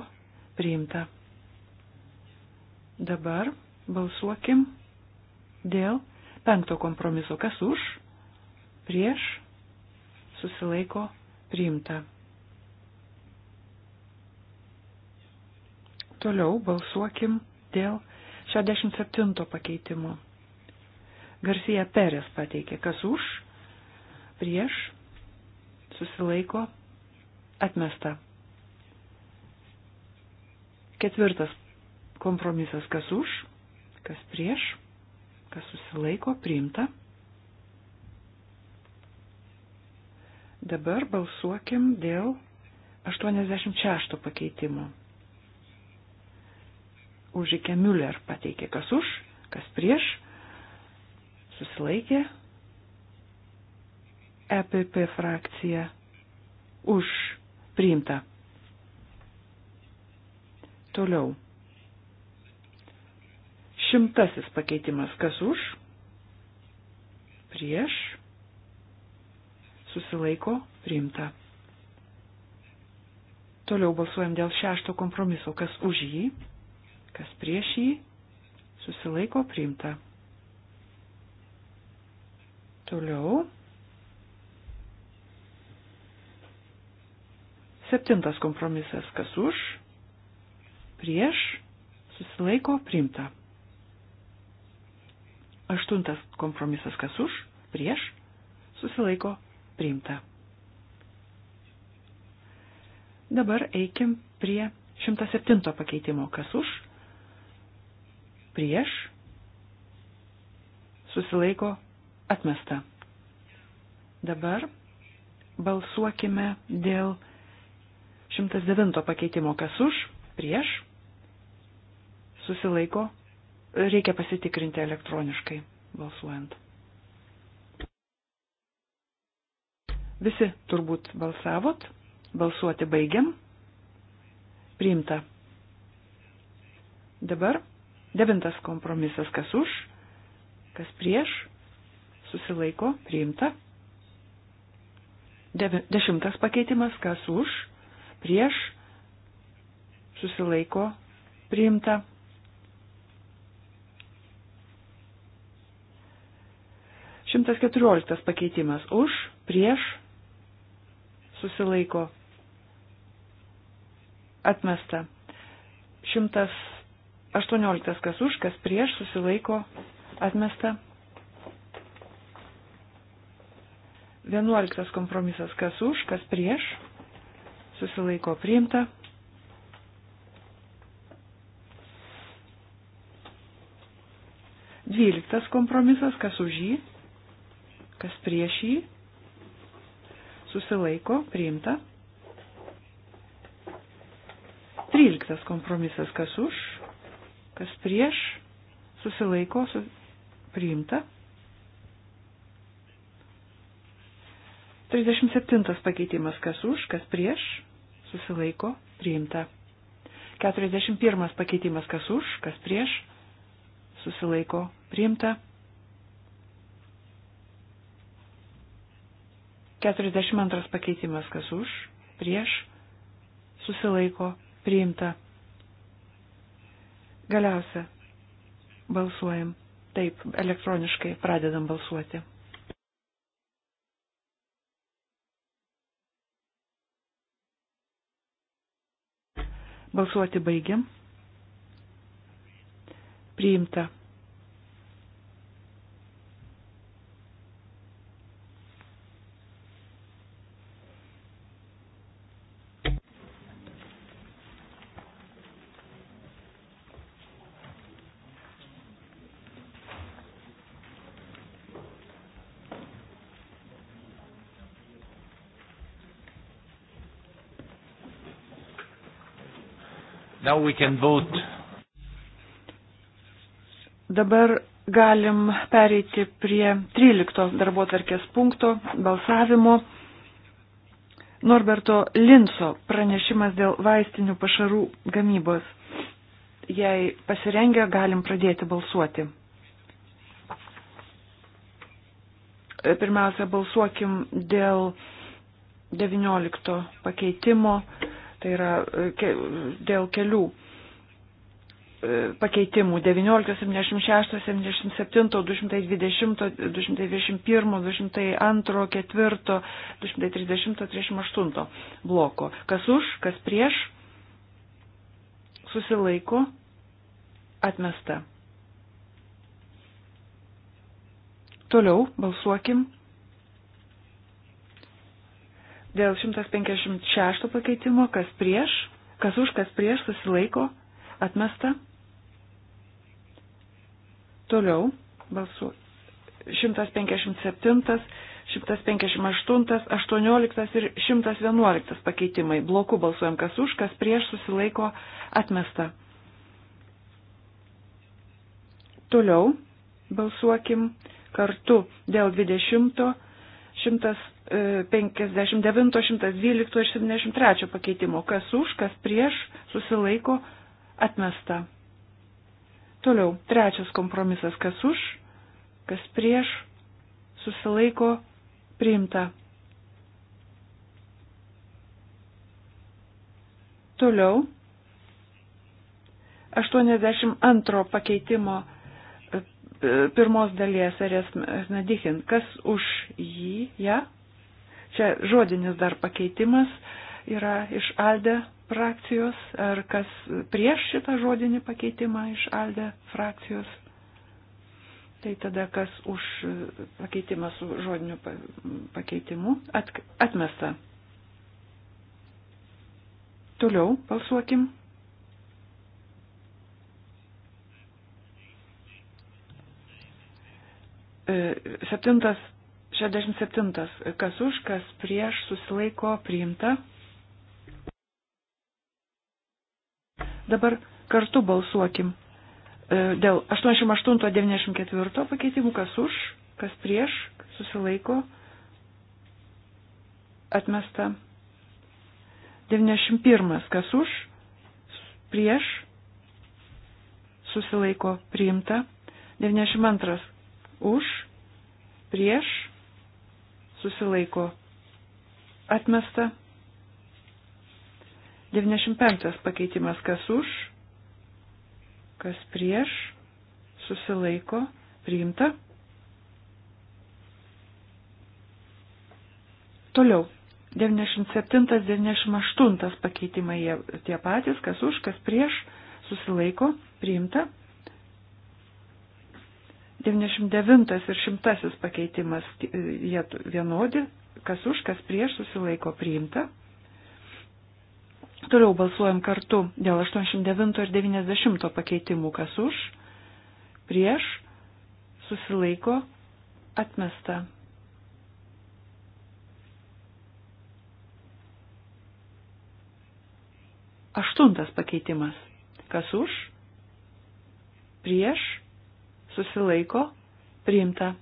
S3: priimta. Dabar balsuokim dėl penkto kompromiso - kas už, prieš, susilaiko, priimta. Toliau balsuokim dėl 67 pakeitimo. Garsija Perės pateikė, kas už, prieš, susilaiko, atmesta. Ketvirtas kompromisas, kas už, kas prieš, kas susilaiko, priimta. Dabar balsuokim dėl 86 pakeitimo. Užikė Müller pateikė, kas už, kas prieš, susilaikė, EPP frakcija už priimta. Toliau. Šimtasis pakeitimas. Kas už? Prieš. Susilaiko. Priimta. Toliau balsuojam dėl šešto kompromiso. Kas už jį? Kas prieš jį? Susilaiko. Priimta. Toliau. Septintas kompromisas. Kas už? Prieš? Susilaiko? Primta. Aštuntas kompromisas. Kas už? Prieš? Susilaiko? Primta. Dabar eikim prie 107 pakeitimo. Kas už? Prieš? Susilaiko? Atmesta. Dabar balsuokime dėl 109 pakeitimo kas už, prieš, susilaiko, reikia pasitikrinti elektroniškai balsuojant. Visi turbūt balsavot, balsuoti baigiam, priimta. Dabar devintas kompromisas kas už, kas prieš, susilaiko, priimta. Deve, dešimtas pakeitimas kas už, prieš, susilaiko, priimta. Šimtas keturioliktas pakeitimas už, prieš, susilaiko, atmesta. Šimtas aštuonioliktas kas už, kas prieš, susilaiko, atmesta. Vienuoliktas kompromisas kas už, kas prieš, susilaiko priimta. Dvyliktas kompromisas, kas už jį, kas prieš jį, susilaiko priimta. Tryliktas kompromisas, kas už, kas prieš, susilaiko su, priimta. 37 pakeitimas, kas už, kas prieš, susilaiko, priimta. 41 pakeitimas kas už, kas prieš, susilaiko, priimta. 42 pakeitimas kas už, prieš, susilaiko, priimta. Galiausia, balsuojam. Taip, elektroniškai pradedam balsuoti. Balsuoti baigiam. Priimta.
S1: Now we can vote.
S3: Dabar galim pereiti prie 13 darbo tvarkės punkto balsavimo. Norberto Linso pranešimas dėl vaistinių pašarų gamybos. Jei pasirengę, galim pradėti balsuoti. Pirmiausia, balsuokim dėl 19 pakeitimo tai yra e, ke, dėl kelių e, pakeitimų 19, 76, 77, 220, 221, 202, 4, 230, 38 bloko. Kas už, kas prieš, susilaiko, atmesta. Toliau balsuokim. Dėl 156 pakeitimo, kas prieš, kas už, kas prieš, susilaiko, atmesta. Toliau balsu 157, 158, 18 ir 111 pakeitimai. Bloku balsuojam, kas už, kas prieš, susilaiko, atmesta. Toliau balsuokim kartu dėl 20, 159, 112 e, ir 73 pakeitimo. Kas už, kas prieš, susilaiko, atmesta. Toliau, trečias kompromisas. Kas už, kas prieš, susilaiko, priimta. Toliau, 82 pakeitimo E, pirmos dalies Arės Nadikin. Kas už jį, ją? Ja? Čia žodinis dar pakeitimas yra iš Alde frakcijos, ar kas prieš šitą žodinį pakeitimą iš Alde frakcijos. Tai tada kas už pakeitimą su žodiniu pakeitimu atmesta. Toliau balsuokim. E, septintas, 67. Kas už, kas prieš susilaiko priimta. Dabar kartu balsuokim e, dėl 88-94 pakeitimų, kas už, kas prieš, susilaiko, atmesta. 91, kas už, prieš, susilaiko, priimta. 92, už, prieš, susilaiko atmesta. 95 pakeitimas kas už, kas prieš, susilaiko priimta. Toliau. 97-98 pakeitimai jie tie patys, kas už, kas prieš, susilaiko, priimta. 99 ir 100 pakeitimas e, jie vienodi, kas už, kas prieš susilaiko priimta. Toliau balsuojam kartu dėl 89 ir 90 pakeitimų, kas už, prieš susilaiko atmesta. Aštuntas pakeitimas. Kas už? Prieš susilaiko, priimta.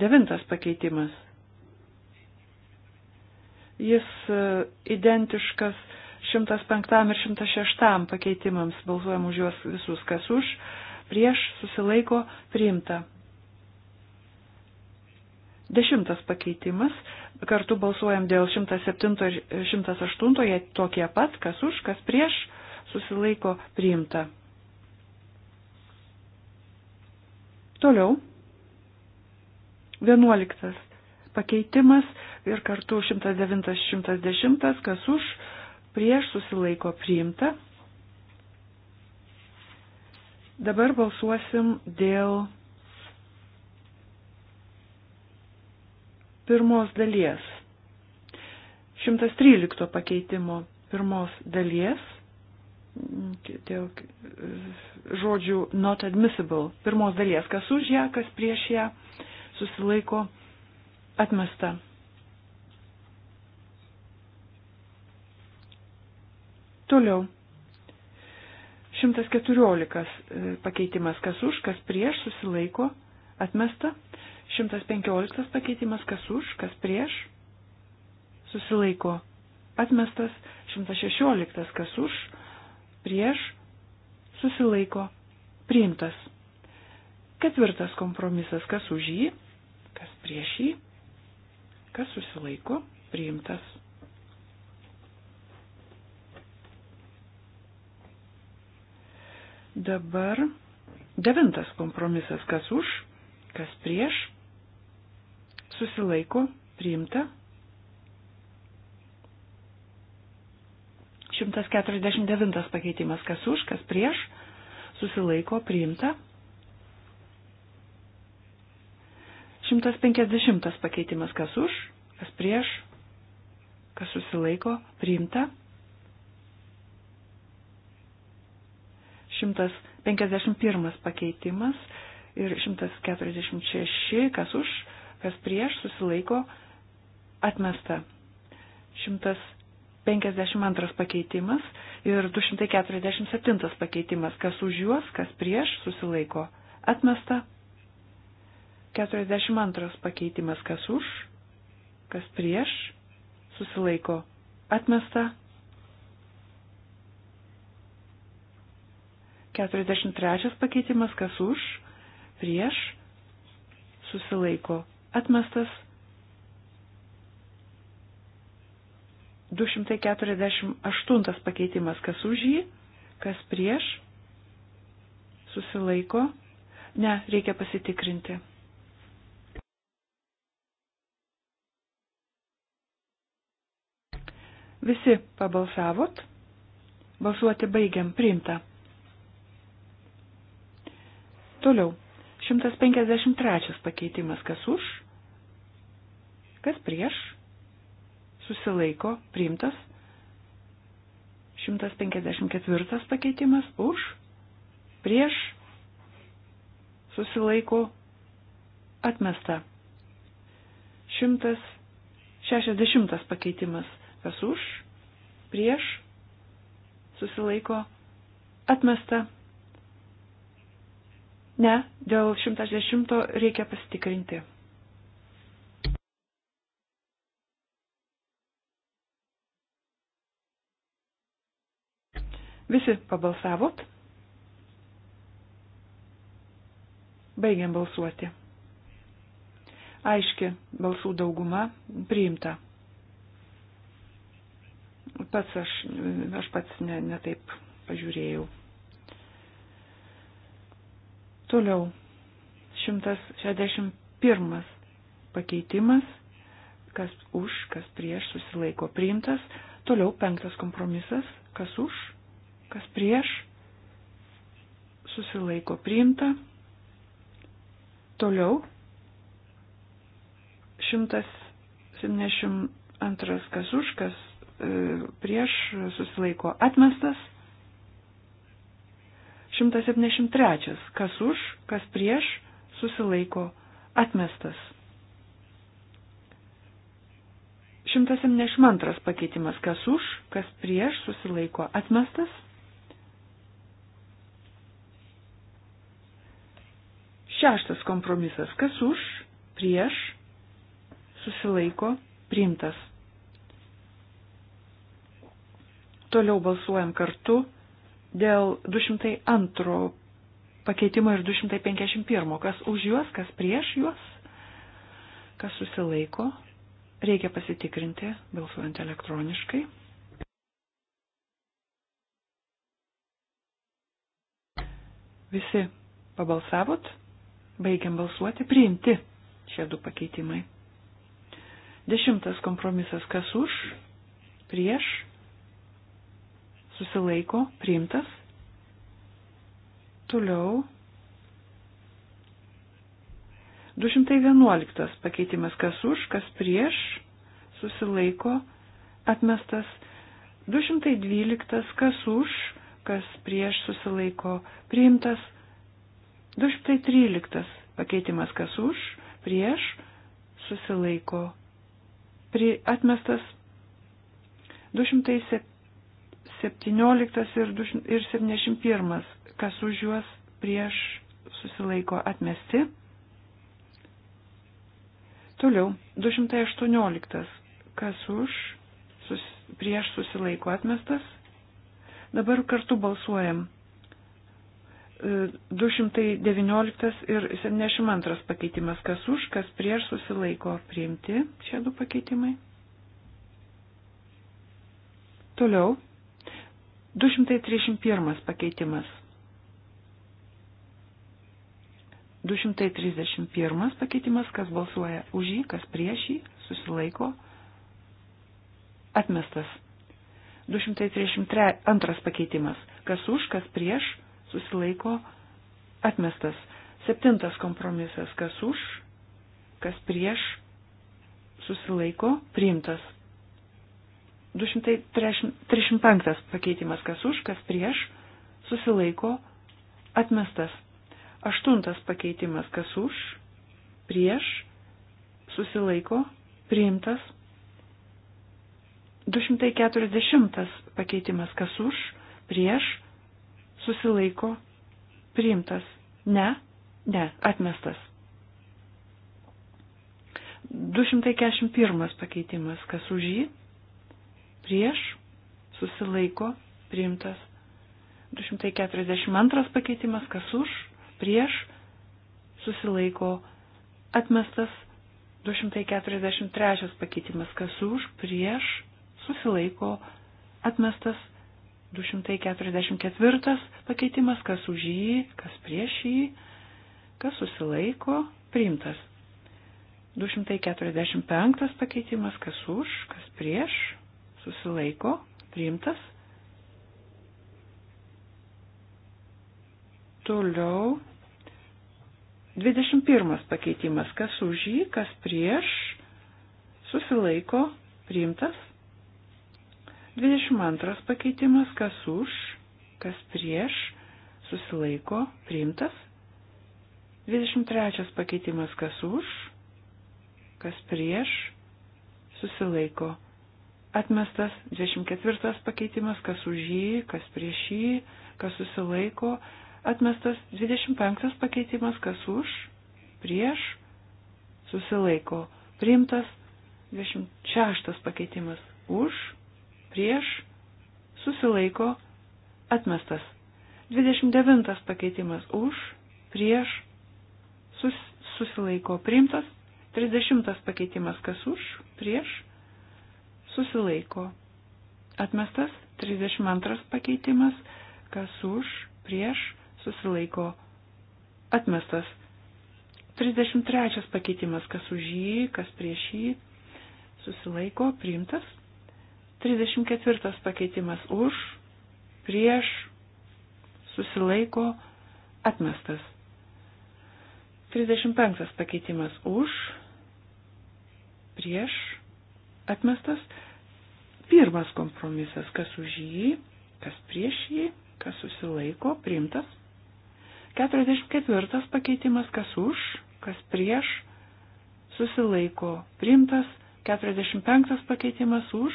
S3: Devintas pakeitimas. Jis e, identiškas 105 ir 106 pakeitimams. Balsuojam už juos visus, kas už, prieš, susilaiko, priimta. Dešimtas pakeitimas. Kartu balsuojam dėl 107 ir 108, jie tokie pat, kas už, kas prieš, susilaiko priimta. Toliau. Vienuoliktas pakeitimas ir kartu 109-110, kas už, prieš susilaiko priimta. Dabar balsuosim dėl pirmos dalies. 113 pakeitimo pirmos dalies dėl žodžių not admissible, pirmos dalies, kas už ją, kas prieš ją susilaiko atmesta. Toliau. 114 pakeitimas, kas už, kas prieš susilaiko atmesta. 115 pakeitimas kas už, kas prieš, susilaiko. Atmestas 116 kas už, prieš, susilaiko. Priimtas. Ketvirtas kompromisas kas už jį, kas prieš jį, kas susilaiko. Priimtas. Dabar devintas kompromisas kas už, kas prieš, susilaiko priimta. 149 pakeitimas kas už, kas prieš, susilaiko priimta. 150 pakeitimas kas už, kas prieš, kas susilaiko priimta. 151 pakeitimas ir 146 kas už, kas prieš susilaiko atmesta. 152 pakeitimas ir 247 pakeitimas, kas už juos, kas prieš susilaiko atmesta. 42 pakeitimas, kas už, kas prieš susilaiko atmesta. 43 pakeitimas, kas už, prieš, susilaiko, atmestas 248 pakeitimas, kas už jį, kas prieš, susilaiko, ne, reikia pasitikrinti. Visi pabalsavot, balsuoti baigiam, priimta. Toliau. 153 pakeitimas. Kas už? Kas prieš? Susilaiko. Priimtas. 154 pakeitimas. Už. Prieš. Susilaiko. Atmesta. 160 pakeitimas. Kas už? Prieš. Susilaiko. Atmesta. Ne, dėl 110 reikia pasitikrinti. Visi pabalsavot? Baigiam balsuoti. Aiški balsų dauguma priimta. Pats aš, aš pats netaip ne, ne pažiūrėjau. Toliau. 161 pakeitimas, kas už, kas prieš susilaiko priimtas. Toliau penktas kompromisas, kas už, kas prieš susilaiko priimta. Toliau 172 kas už, kas e, prieš susilaiko atmestas. 173. Kas už, kas prieš, susilaiko atmestas. 172 pakeitimas. Kas už, kas prieš, susilaiko atmestas. 6 kompromisas. Kas už, prieš, susilaiko priimtas. Toliau balsuojam kartu dėl 202 pakeitimo ir 251. Kas už juos, kas prieš juos, kas susilaiko. Reikia pasitikrinti, balsuojant elektroniškai. Visi pabalsavot, baigiam balsuoti, priimti šie du pakeitimai. Dešimtas kompromisas, kas už, prieš, susilaiko, priimtas. Toliau. 211 pakeitimas kas už, kas prieš, susilaiko, atmestas. 212 kas už, kas prieš, susilaiko, priimtas. 213 pakeitimas kas už, prieš, susilaiko, pri, atmestas. 217 17 ir, 2, ir 71, kas už juos prieš susilaiko atmesti. Toliau, 218, kas už sus, prieš susilaiko atmestas. Dabar kartu balsuojam. 219 e, ir 72 pakeitimas, kas už, kas prieš susilaiko priimti šie du pakeitimai. Toliau, 231 pakeitimas. 231 pakeitimas, kas balsuoja už jį, kas prieš jį, susilaiko, atmestas. 232 pakeitimas, kas už, kas prieš, susilaiko, atmestas. Septintas kompromisas, kas už, kas prieš, susilaiko, priimtas. 235 pakeitimas kas už, kas prieš, susilaiko, atmestas. Aštuntas pakeitimas kas už, prieš, susilaiko, priimtas. 240 pakeitimas kas už, prieš, susilaiko, priimtas. Ne, ne, atmestas. 241 pakeitimas kas už jį, prieš, susilaiko, priimtas. 242 pakeitimas, kas už, prieš, susilaiko, atmestas. 243 pakeitimas, kas už, prieš, susilaiko, atmestas. 244 pakeitimas, kas už jį, kas prieš jį, kas susilaiko, priimtas. 245 pakeitimas, kas už, kas prieš, susilaiko, priimtas. Toliau 21 pakeitimas, kas už jį, kas prieš, susilaiko, priimtas. 22 pakeitimas, kas už, kas prieš, susilaiko, priimtas. 23 pakeitimas, kas už, kas prieš, susilaiko, priimtas atmestas 24 pakeitimas, kas už jį, kas prieš jį, kas susilaiko, atmestas 25 pakeitimas, kas už, prieš, susilaiko, priimtas 26 pakeitimas, už, prieš, susilaiko, atmestas 29 pakeitimas, už, prieš, sus, susilaiko, priimtas 30 pakeitimas, kas už, prieš, susilaiko. Atmestas 32 pakeitimas, kas už, prieš, susilaiko. Atmestas 33 pakeitimas, kas už jį, kas prieš jį, susilaiko, priimtas. 34 pakeitimas už, prieš, susilaiko, atmestas. 35 pakeitimas už, prieš, atmestas. Pirmas kompromisas, kas už jį, kas prieš jį, kas susilaiko, priimtas. 44 pakeitimas, kas už, kas prieš, susilaiko, priimtas. 45 pakeitimas už,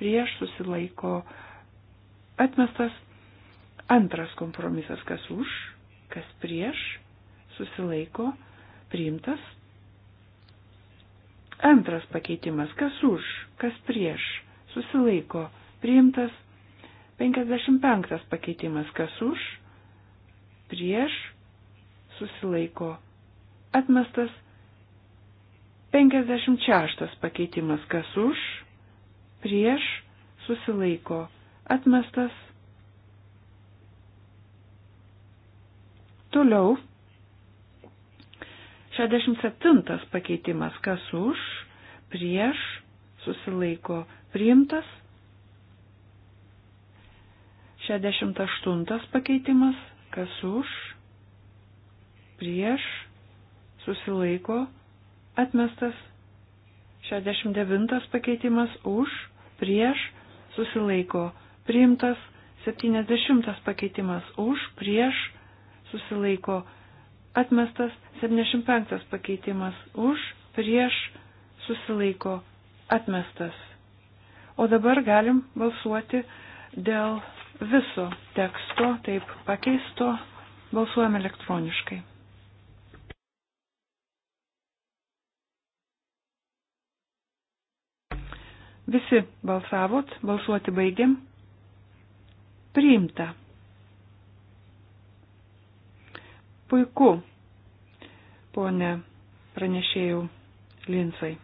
S3: prieš, susilaiko, atmestas. Antras kompromisas, kas už, kas prieš, susilaiko, priimtas. Antras pakeitimas, kas už, kas prieš, susilaiko, priimtas. 55 pakeitimas, kas už, prieš, susilaiko, atmestas. 56 pakeitimas, kas už, prieš, susilaiko, atmestas. Toliau 67 pakeitimas, kas už, prieš, susilaiko priimtas. 68 pakeitimas, kas už, prieš, susilaiko atmestas. 69 pakeitimas už, prieš, susilaiko priimtas. 70 pakeitimas už, prieš, susilaiko atmestas atmestas 75 pakeitimas už, prieš, susilaiko, atmestas. O dabar galim balsuoti dėl viso teksto, taip pakeisto, balsuojam elektroniškai. Visi balsavot, balsuoti baigiam. Priimta. Puiku, ponė pranešėjų Linsai.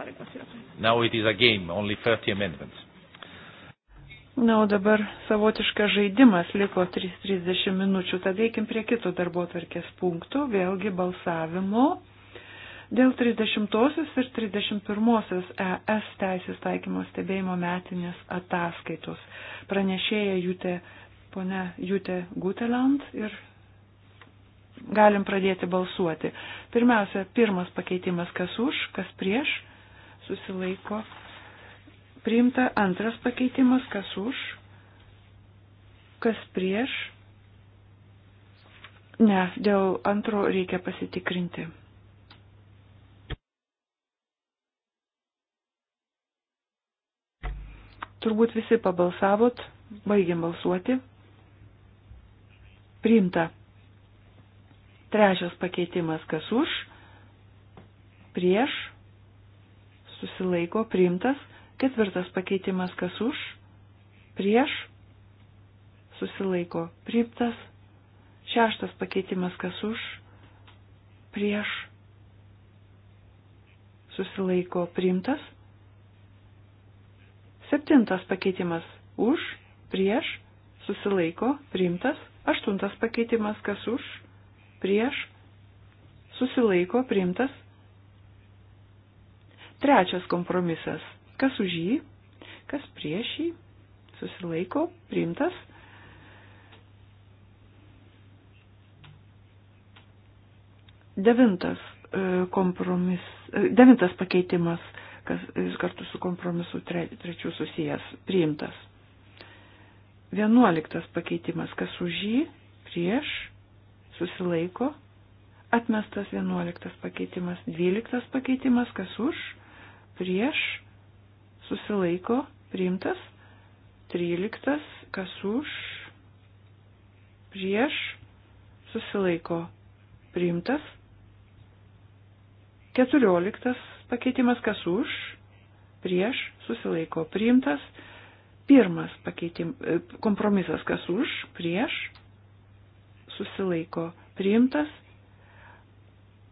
S3: fare pasirašai.
S1: Now it is a game, only 30 amendments.
S3: Na, o dabar savotiškas žaidimas liko 3, 30 minučių, tad eikim prie kito darbo tvarkės punktų, vėlgi balsavimo dėl 30 ir 31 ES teisės taikymo stebėjimo metinės ataskaitos. Pranešėja Jūtė, pone Jūtė Guteland ir galim pradėti balsuoti. Pirmiausia, pirmas pakeitimas, kas už, kas prieš, susilaiko priimta. Antras pakeitimas, kas už, kas prieš. Ne, dėl antro reikia pasitikrinti. Turbūt visi pabalsavot, baigiam balsuoti. Priimta. Trečias pakeitimas, kas už, prieš, susilaiko priimtas, ketvirtas pakeitimas kas už, prieš, susilaiko priimtas, šeštas pakeitimas kas už, prieš, susilaiko priimtas, septintas pakeitimas už, prieš, susilaiko priimtas, aštuntas pakeitimas kas už, prieš, susilaiko priimtas, Trečias kompromisas. Kas už jį, kas prieš jį, susilaiko, priimtas. Devintas, e, kompromis, e, devintas pakeitimas, kas kartu su kompromisu tre, trečių susijęs, priimtas. Vienuoliktas pakeitimas, kas už jį, prieš, susilaiko, atmestas vienuoliktas pakeitimas, dvyliktas pakeitimas, kas už, prieš, susilaiko, priimtas. 13. Kas už, prieš, susilaiko, priimtas. 14. Pakeitimas kas už, prieš, susilaiko, priimtas. Pirmas pakeitim, e, kompromisas kas už, prieš, susilaiko, priimtas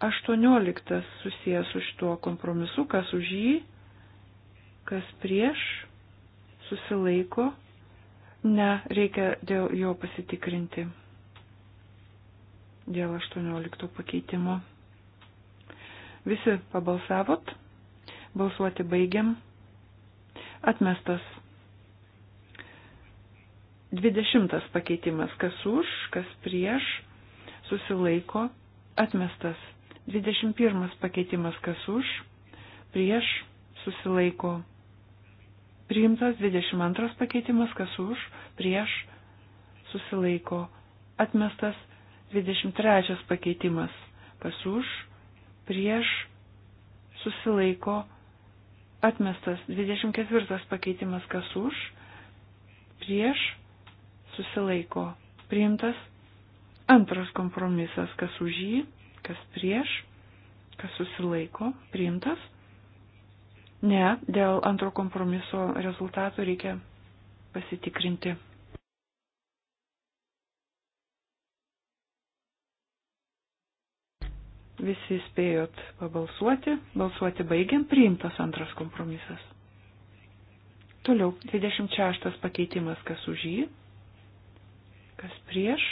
S3: 18 susijęs su šituo kompromisu, kas už jį, kas prieš, susilaiko, ne, reikia dėl jo pasitikrinti, dėl 18 pakeitimo. Visi pabalsavot, balsuoti baigiam, atmestas. 20 pakeitimas, kas už, kas prieš, susilaiko, atmestas. 21 pakeitimas kas už, prieš susilaiko. Priimtas 22 pakeitimas kas už, prieš susilaiko. Atmestas 23 pakeitimas kas už, prieš susilaiko. Atmestas 24 pakeitimas kas už, prieš susilaiko. Priimtas antras kompromisas kas už jį kas prieš, kas susilaiko, priimtas. Ne, dėl antro kompromiso rezultatų reikia pasitikrinti. Visi spėjot pabalsuoti, balsuoti baigiam, priimtas antras kompromisas. Toliau, 26 pakeitimas, kas už jį, kas prieš,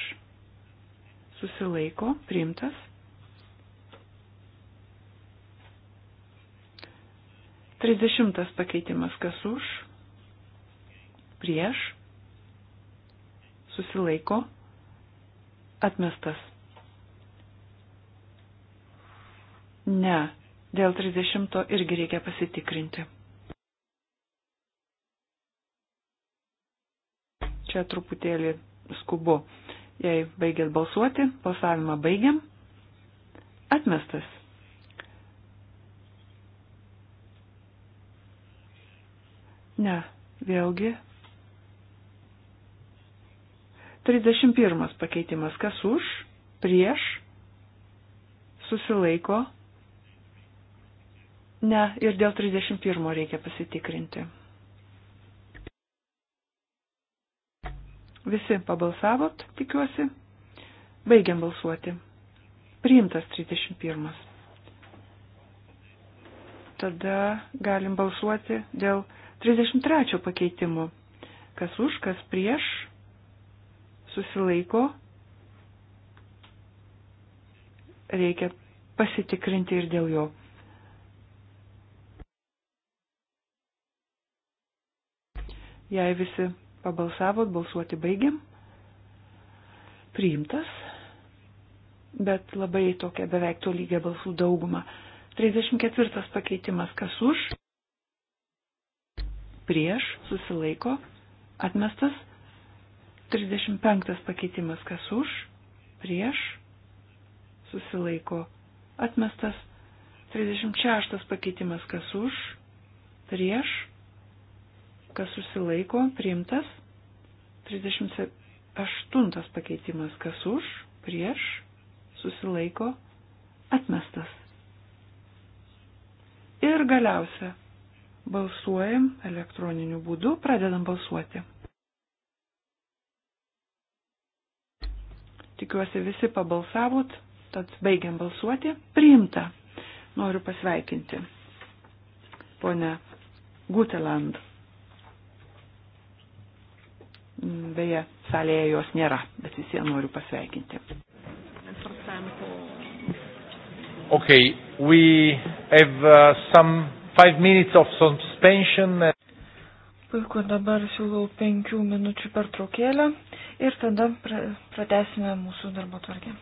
S3: susilaiko, priimtas. 30 pakeitimas kas už, prieš, susilaiko, atmestas. Ne, dėl 30 irgi reikia pasitikrinti. Čia truputėlį skubu. Jei baigėt balsuoti, balsavimą baigiam. Atmestas. Ne, vėlgi. 31 pakeitimas. Kas už? Prieš? Susilaiko? Ne, ir dėl 31 reikia pasitikrinti. Visi pabalsavot, tikiuosi. Baigiam balsuoti. Priimtas 31. Tada galim balsuoti dėl 31 33 pakeitimu. Kas už, kas prieš, susilaiko, reikia pasitikrinti ir dėl jo. Jei visi pabalsavot, balsuoti baigiam. Priimtas, bet labai tokia beveik to lygia balsų dauguma. 34 pakeitimas, kas už prieš, susilaiko, atmestas. 35 pakeitimas kas už, prieš, susilaiko, atmestas. 36 pakeitimas kas už, prieš, kas susilaiko, priimtas. 38 pakeitimas kas už, prieš, susilaiko, atmestas. Ir galiausia Balsuojam elektroniniu būdu, pradedam balsuoti. Tikiuosi visi pabalsavot, tad baigiam balsuoti. Priimta. Noriu pasveikinti. Pone Guteland. Beje, salėje jos nėra, bet vis vien noriu pasveikinti.
S1: Okay, we have uh, some five minutes of suspension.
S3: Puiku, dabar siūlau penkių minučių pertraukėlę ir tada pratesime mūsų darbo tvarkę.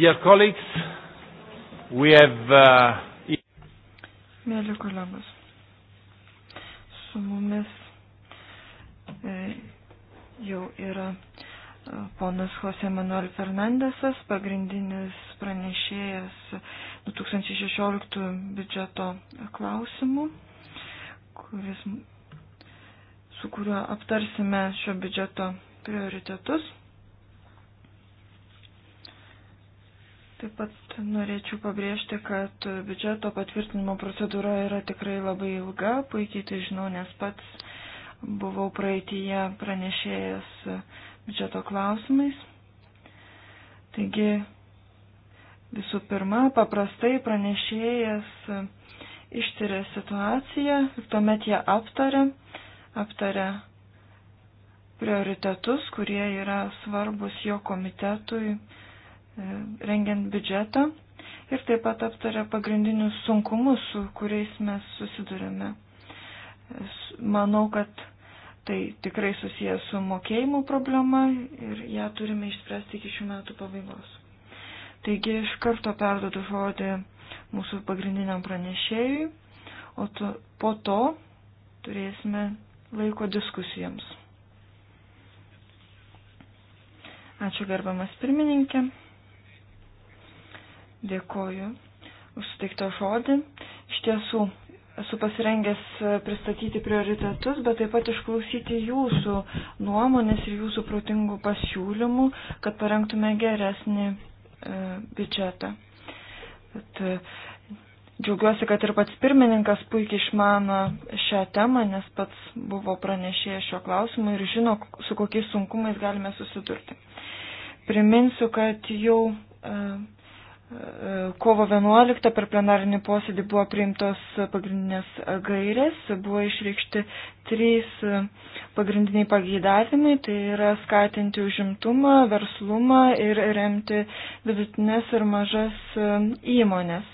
S1: Dear colleagues, we have. Uh,
S3: Mėly kolegos, su mumis e, jau yra e, ponas Jose Manuel Fernandesas, pagrindinis pranešėjas 2016 biudžeto klausimų, kuris, su kuriuo aptarsime šio biudžeto prioritetus. Taip pat norėčiau pabrėžti, kad biudžeto patvirtinimo procedūra yra tikrai labai ilga, puikiai tai žinau, nes pats buvau praeitie pranešėjęs biudžeto klausimais. Taigi, visų pirma, paprastai pranešėjas ištiria situaciją ir tuomet jie aptaria, aptaria prioritetus, kurie yra svarbus jo komitetui E, rengiant biudžetą ir taip pat aptarė pagrindinius sunkumus, su kuriais mes susidurime. E, manau, kad tai tikrai susijęs su mokėjimų problema ir ją turime išspręsti iki šių metų pabaigos. Taigi iš karto perdodu žodį mūsų pagrindiniam pranešėjui, o to, po to turėsime laiko diskusijams. Ačiū gerbamas pirmininkė. Dėkoju už suteiktą žodį. Iš tiesų, esu pasirengęs e, pristatyti prioritetus, bet taip pat išklausyti jūsų nuomonės ir jūsų protingų pasiūlymų, kad parengtume geresnį e, biudžetą. Bet, e, džiaugiuosi, kad ir pats pirmininkas puikiai išmano šią temą, nes pats buvo pranešėjęs šio klausimu ir žino, su kokiais sunkumais galime susidurti. Priminsiu, kad jau e, Kovo 11 per plenarinį posėdį buvo priimtos pagrindinės gairės, buvo išreikšti trys pagrindiniai pageidavimai, tai yra skatinti užimtumą, verslumą ir remti vidutinės ir mažas e, įmonės.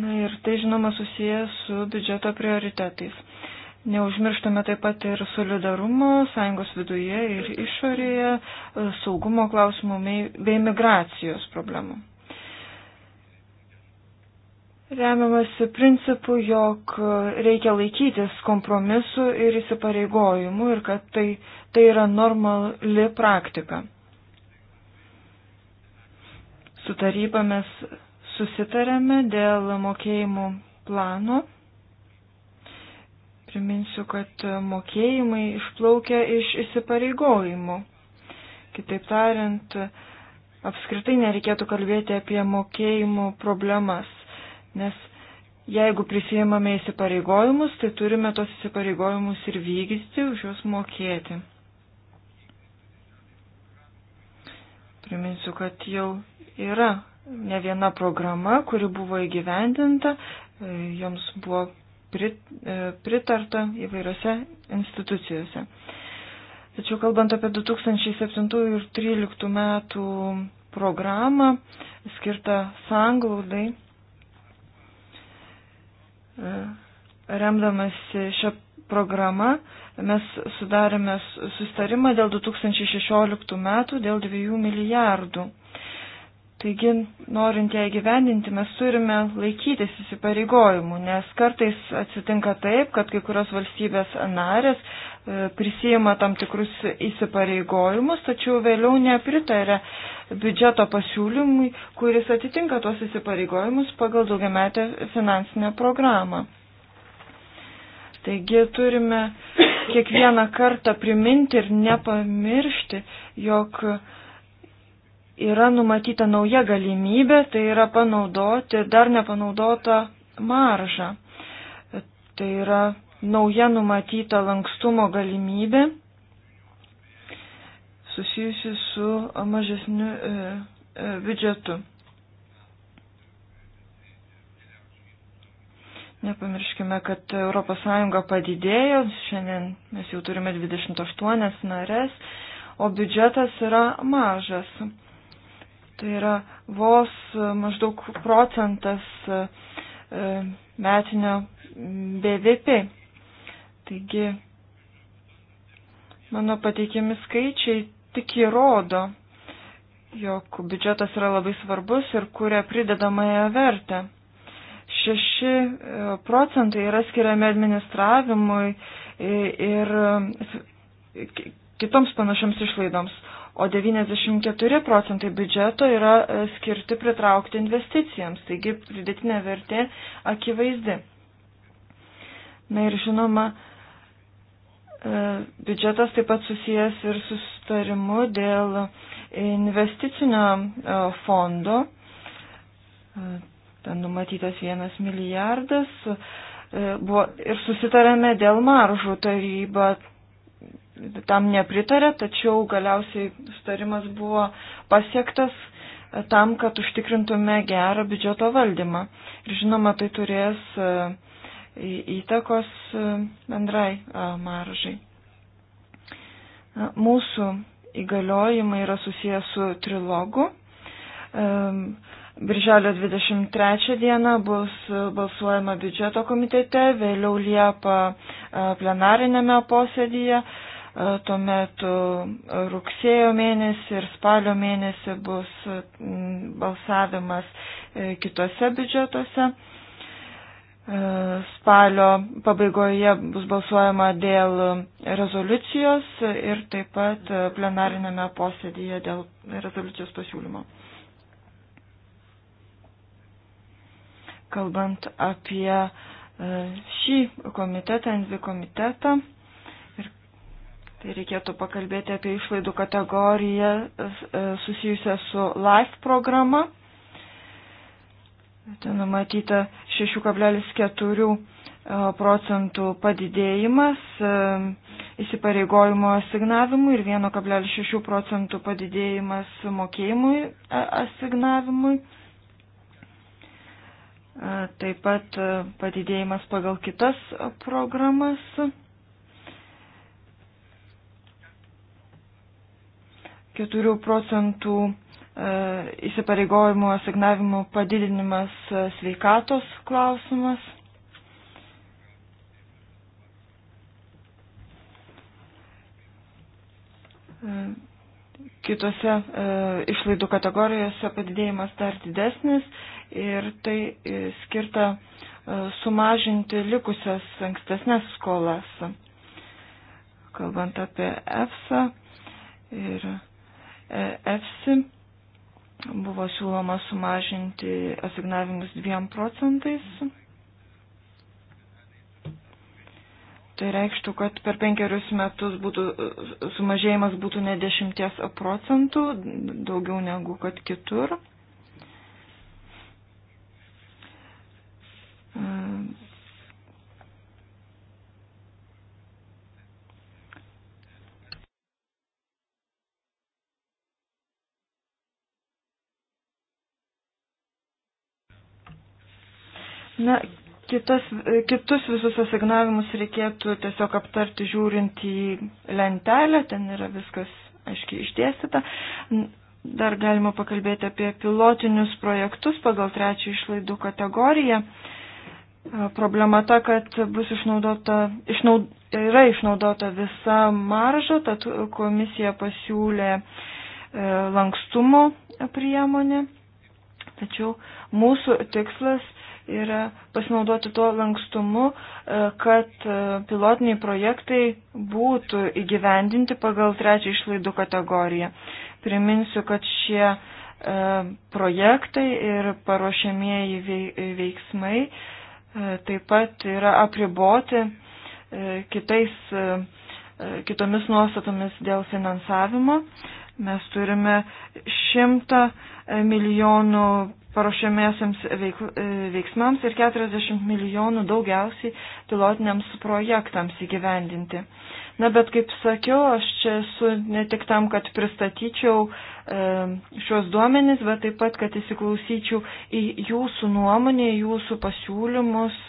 S3: Na ir tai žinoma susijęs su biudžeto prioritetais. Neužmirštame taip pat ir solidarumo sąjungos viduje ir išorėje, e, saugumo klausimų bei migracijos problemų. Remiamasi principu, jog reikia laikytis kompromisų ir įsipareigojimų ir kad tai, tai yra normali praktika. Su taryba mes susitarėme dėl mokėjimų plano Priminsiu, kad mokėjimai išplaukia iš įsipareigojimų. Kitaip tariant, apskritai nereikėtų kalbėti apie mokėjimų problemas, nes jeigu prisijėmame įsipareigojimus, tai turime tos įsipareigojimus ir vykdyti, už juos mokėti. Priminsiu, kad jau yra ne viena programa, kuri buvo įgyvendinta, joms buvo E, pritarta įvairiose institucijose. Tačiau kalbant apie 2007 ir 2013 metų programą skirtą sanglaudai, e, remdamasi šią programą, mes sudarėme sustarimą dėl 2016 metų dėl 2 milijardų Taigi, norint ją įgyvendinti, mes turime laikytis įsipareigojimų, nes kartais atsitinka taip, kad kai kurios valstybės narės e, prisijima tam tikrus įsipareigojimus, tačiau vėliau nepritarė biudžeto pasiūlymui, kuris atitinka tuos įsipareigojimus pagal daugiametę finansinę programą. Taigi turime kiekvieną kartą priminti ir nepamiršti, jog yra numatyta nauja galimybė, tai yra panaudoti dar nepanaudotą maržą. Tai yra nauja numatyta lankstumo galimybė susijusi su mažesniu e, e, biudžetu. Nepamirškime, kad ES padidėjo, šiandien mes jau turime 28 narės, o biudžetas yra mažas. Tai yra vos maždaug procentas e, metinio BVP. Taigi, mano pateikiami skaičiai tik įrodo, jog biudžetas yra labai svarbus ir kuria pridedamąją vertę. 6 e, procentai yra skiriami administravimui e, ir kitoms panašiams išlaidoms, o 94 procentai biudžeto yra e, skirti pritraukti investicijams, taigi pridėtinė vertė akivaizdi. Na ir žinoma, e, biudžetas taip pat susijęs ir sustarimu dėl investicinio e, fondo. Ten numatytas vienas milijardas. Buvo ir susitarėme dėl maržų taryba tam nepritarė, tačiau galiausiai sutarimas buvo pasiektas tam, kad užtikrintume gerą biudžeto valdymą. Ir žinoma, tai turės e, įtakos e, bendrai e, maržai. Mūsų įgaliojimai yra susijęs su trilogu. Birželio 23 dieną bus balsuojama biudžeto komitete, vėliau Liepa plenarinėme posėdyje E, tuomet e, rugsėjo mėnesį ir spalio mėnesį bus e, balsavimas kitose biudžetuose. Spalio pabaigoje bus balsuojama dėl rezoliucijos ir taip pat plenarinėme posėdėje dėl rezoliucijos pasiūlymo. Kalbant apie šį komitetą, NV komitetą, Tai reikėtų pakalbėti apie išlaidų kategoriją e, susijusią su LIFE programa. Ten numatyta 6,4 e, procentų padidėjimas e, įsipareigojimo asignavimui ir 1,6 procentų padidėjimas mokėjimui asignavimui. Taip pat padidėjimas pagal kitas programas. 4 procentų e, įsipareigojimų asignavimų padidinimas e, sveikatos klausimas. E, kitose išlaidų kategorijose padidėjimas dar didesnis ir tai skirta sumažinti likusias ankstesnės skolas. Kalbant apie EFSA ir EFSI buvo siūloma sumažinti asignavimus 2 procentais. Tai reikštų, kad per penkerius metus būtų, sumažėjimas būtų ne 10 procentų, daugiau negu kad kitur. Na, kitas, kitus visus asignavimus reikėtų tiesiog aptarti žiūrint į lentelę, ten yra viskas aiškiai išdėstyta. Dar galima pakalbėti apie pilotinius projektus pagal trečią išlaidų kategoriją. Problema ta, kad bus išnaudota, išnaud, yra išnaudota visa marža, tad komisija pasiūlė e, lankstumo priemonę. Tačiau mūsų tikslas yra pasinaudoti tuo lankstumu, e, kad e, pilotiniai projektai būtų įgyvendinti pagal trečią išlaidų kategoriją. Priminsiu, kad šie e, projektai ir paruošiamieji veiksmai taip pat yra apriboti kitais, kitomis nuostatomis dėl finansavimo. Mes turime šimtą milijonų paruošiamiesiams e, veiksmams ir 40 milijonų daugiausiai pilotiniams projektams įgyvendinti. Na, bet kaip sakiau, aš čia esu ne tik tam, kad pristatyčiau e, šios duomenys, bet taip pat, kad įsiklausyčiau į jūsų nuomonę, jūsų pasiūlymus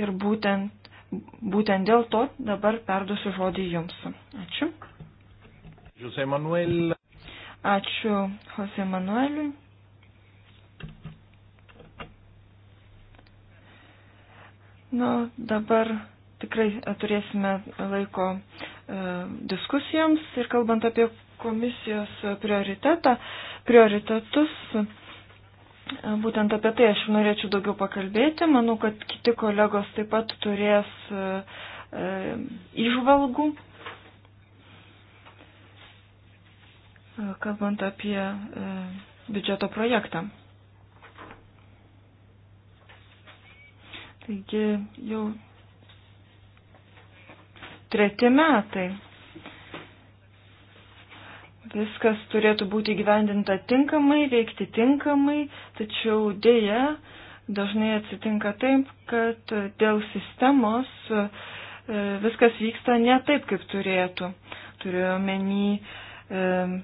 S3: ir būtent, būtent dėl to dabar perduosiu žodį jums. Ačiū.
S1: Jose Manuel.
S3: Ačiū Jose Manueliui. Na, dabar tikrai e, turėsime laiko e, diskusijoms ir kalbant apie komisijos prioritetą, prioritetus, e, būtent apie tai aš norėčiau daugiau pakalbėti. Manau, kad kiti kolegos taip pat turės e, išvalgų. E, e, kalbant apie biudžeto projektą. Taigi jau treti metai. Viskas turėtų būti gyvendinta tinkamai, veikti tinkamai, tačiau dėja dažnai atsitinka taip, kad dėl sistemos e, viskas vyksta ne taip, kaip turėtų. Turiu omeny e,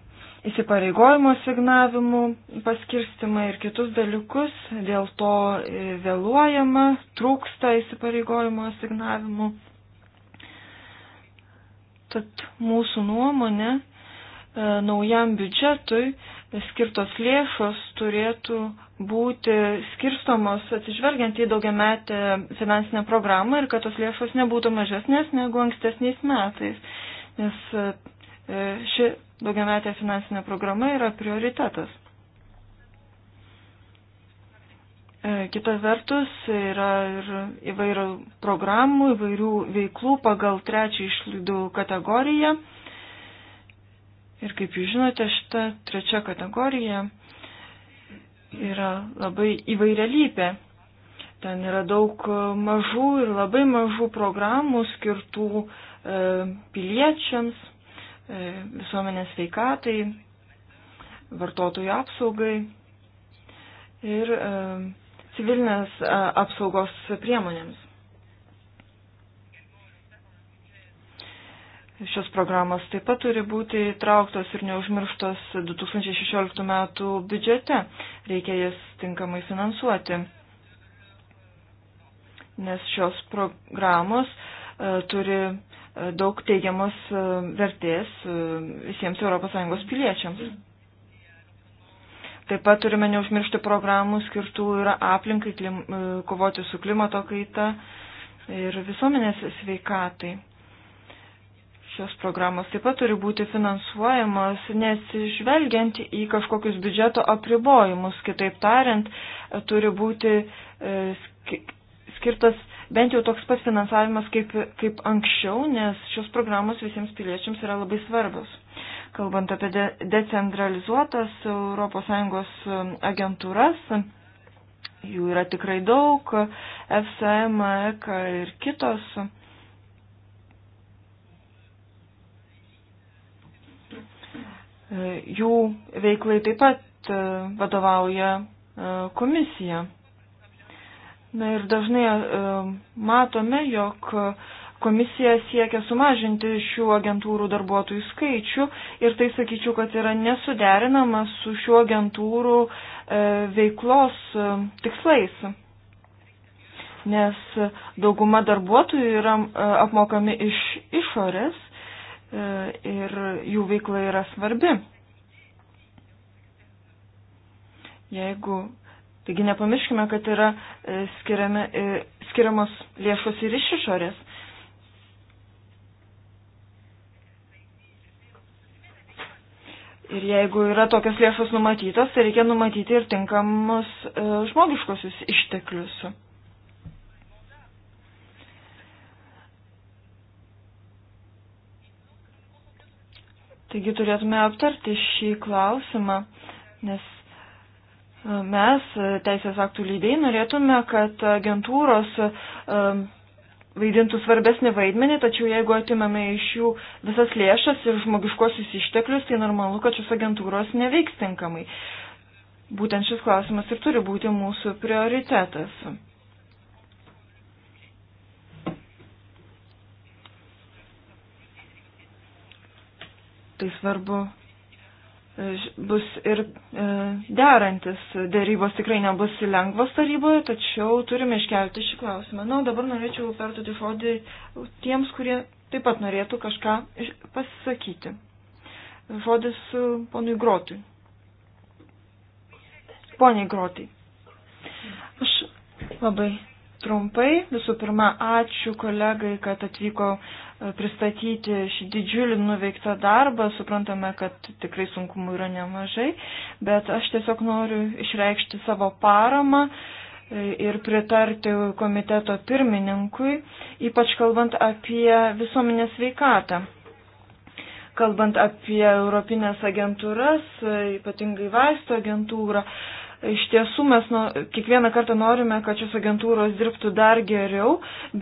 S3: įsipareigojimo signavimų paskirstimą ir kitus dalykus, dėl to e, vėluojama, trūksta įsipareigojimo signavimų. Tad mūsų nuomonė e, naujam biudžetui skirtos lėšos turėtų būti skirstomos atsižvelgiant į daugiametę finansinę programą ir kad tos lėšos nebūtų mažesnės negu ankstesniais metais, nes e, ši daugiametė finansinė programa yra prioritetas. E, Kitas vertus yra ir įvairių programų, įvairių veiklų pagal trečią išlaidų kategoriją. Ir kaip jūs žinote, šita trečia kategorija yra labai įvairialypė. Ten yra daug mažų ir labai mažų programų skirtų e, piliečiams, E, visuomenės veikatai, vartotojų apsaugai ir e, civilinės e, apsaugos priemonėms. Šios programos taip pat turi būti įtrauktos ir neužmirštos 2016 metų biudžete. Reikia jas tinkamai finansuoti, nes šios programos turi daug teigiamos e, vertės e, visiems ES piliečiams. Taip pat turime neužmiršti programų skirtų yra aplinkai klim, e, kovoti su klimato kaita ir visuomenės sveikatai. Šios programos taip pat turi būti finansuojamos, nesižvelgiant į kažkokius biudžeto apribojimus. Kitaip tariant, turi būti skirtas bent jau toks pats finansavimas kaip, kaip anksčiau, nes šios programos visiems piliečiams yra labai svarbus. Kalbant apie de decentralizuotas ES um, agentūras, jų yra tikrai daug, FSM, EK ir kitos. Jų veiklai taip pat uh, vadovauja uh, komisija. Na ir dažnai e, matome, jog komisija siekia sumažinti šių agentūrų darbuotojų skaičių ir tai sakyčiau, kad yra nesuderinama su šių agentūrų e, veiklos e, tikslais. Nes dauguma darbuotojų yra e, apmokami iš išorės e, ir jų veikla yra svarbi. Jeigu e, Taigi nepamirškime, kad yra e, skiriami, e, skiriamos lėšos ir iš išorės. Ir jeigu yra tokios lėšos numatytos, tai reikia numatyti ir tinkamus e, žmogiškosius išteklius. Taigi turėtume aptarti šį klausimą, nes Mes, teisės aktų lydėjai, norėtume, kad agentūros um, vaidintų svarbesnį vaidmenį, tačiau jeigu atimame iš jų visas lėšas ir žmogiškosius išteklius, tai normalu, kad šios agentūros neveiks tinkamai. Būtent šis klausimas ir turi būti mūsų prioritetas. Tai svarbu bus ir e, derantis. Darybos tikrai nebus lengvos taryboje, tačiau turime iškelti šį klausimą. Na, dabar norėčiau perduoti žodį tiems, kurie taip pat norėtų kažką pasisakyti. Žodis e, ponui Grotui. Poniai Grotai. Aš labai trumpai. Visų pirma, ačiū kolegai, kad atvyko e, pristatyti šį didžiulį nuveiktą darbą. Suprantame, kad tikrai sunkumų yra nemažai, bet aš tiesiog noriu išreikšti savo paramą e, ir pritarti komiteto pirmininkui, ypač kalbant apie visuomenės veikatą. Kalbant apie Europinės agentūras, e, ypatingai vaisto agentūrą, Iš tiesų mes nu, kiekvieną kartą norime, kad šios agentūros dirbtų dar geriau,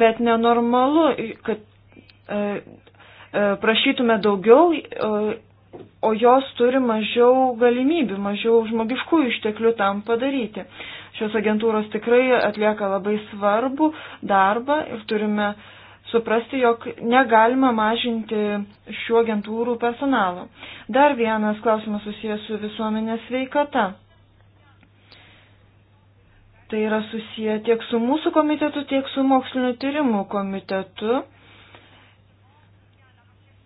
S3: bet nenormalu, kad e, e, prašytume daugiau, e, o jos turi mažiau galimybių, mažiau žmogiškų išteklių tam padaryti. Šios agentūros tikrai atlieka labai svarbų darbą ir turime suprasti, jog negalima mažinti šių agentūrų personalo. Dar vienas klausimas susijęs su visuomenės veikata. Tai yra susiję tiek su mūsų komitetu, tiek su mokslinio tyrimų komitetu,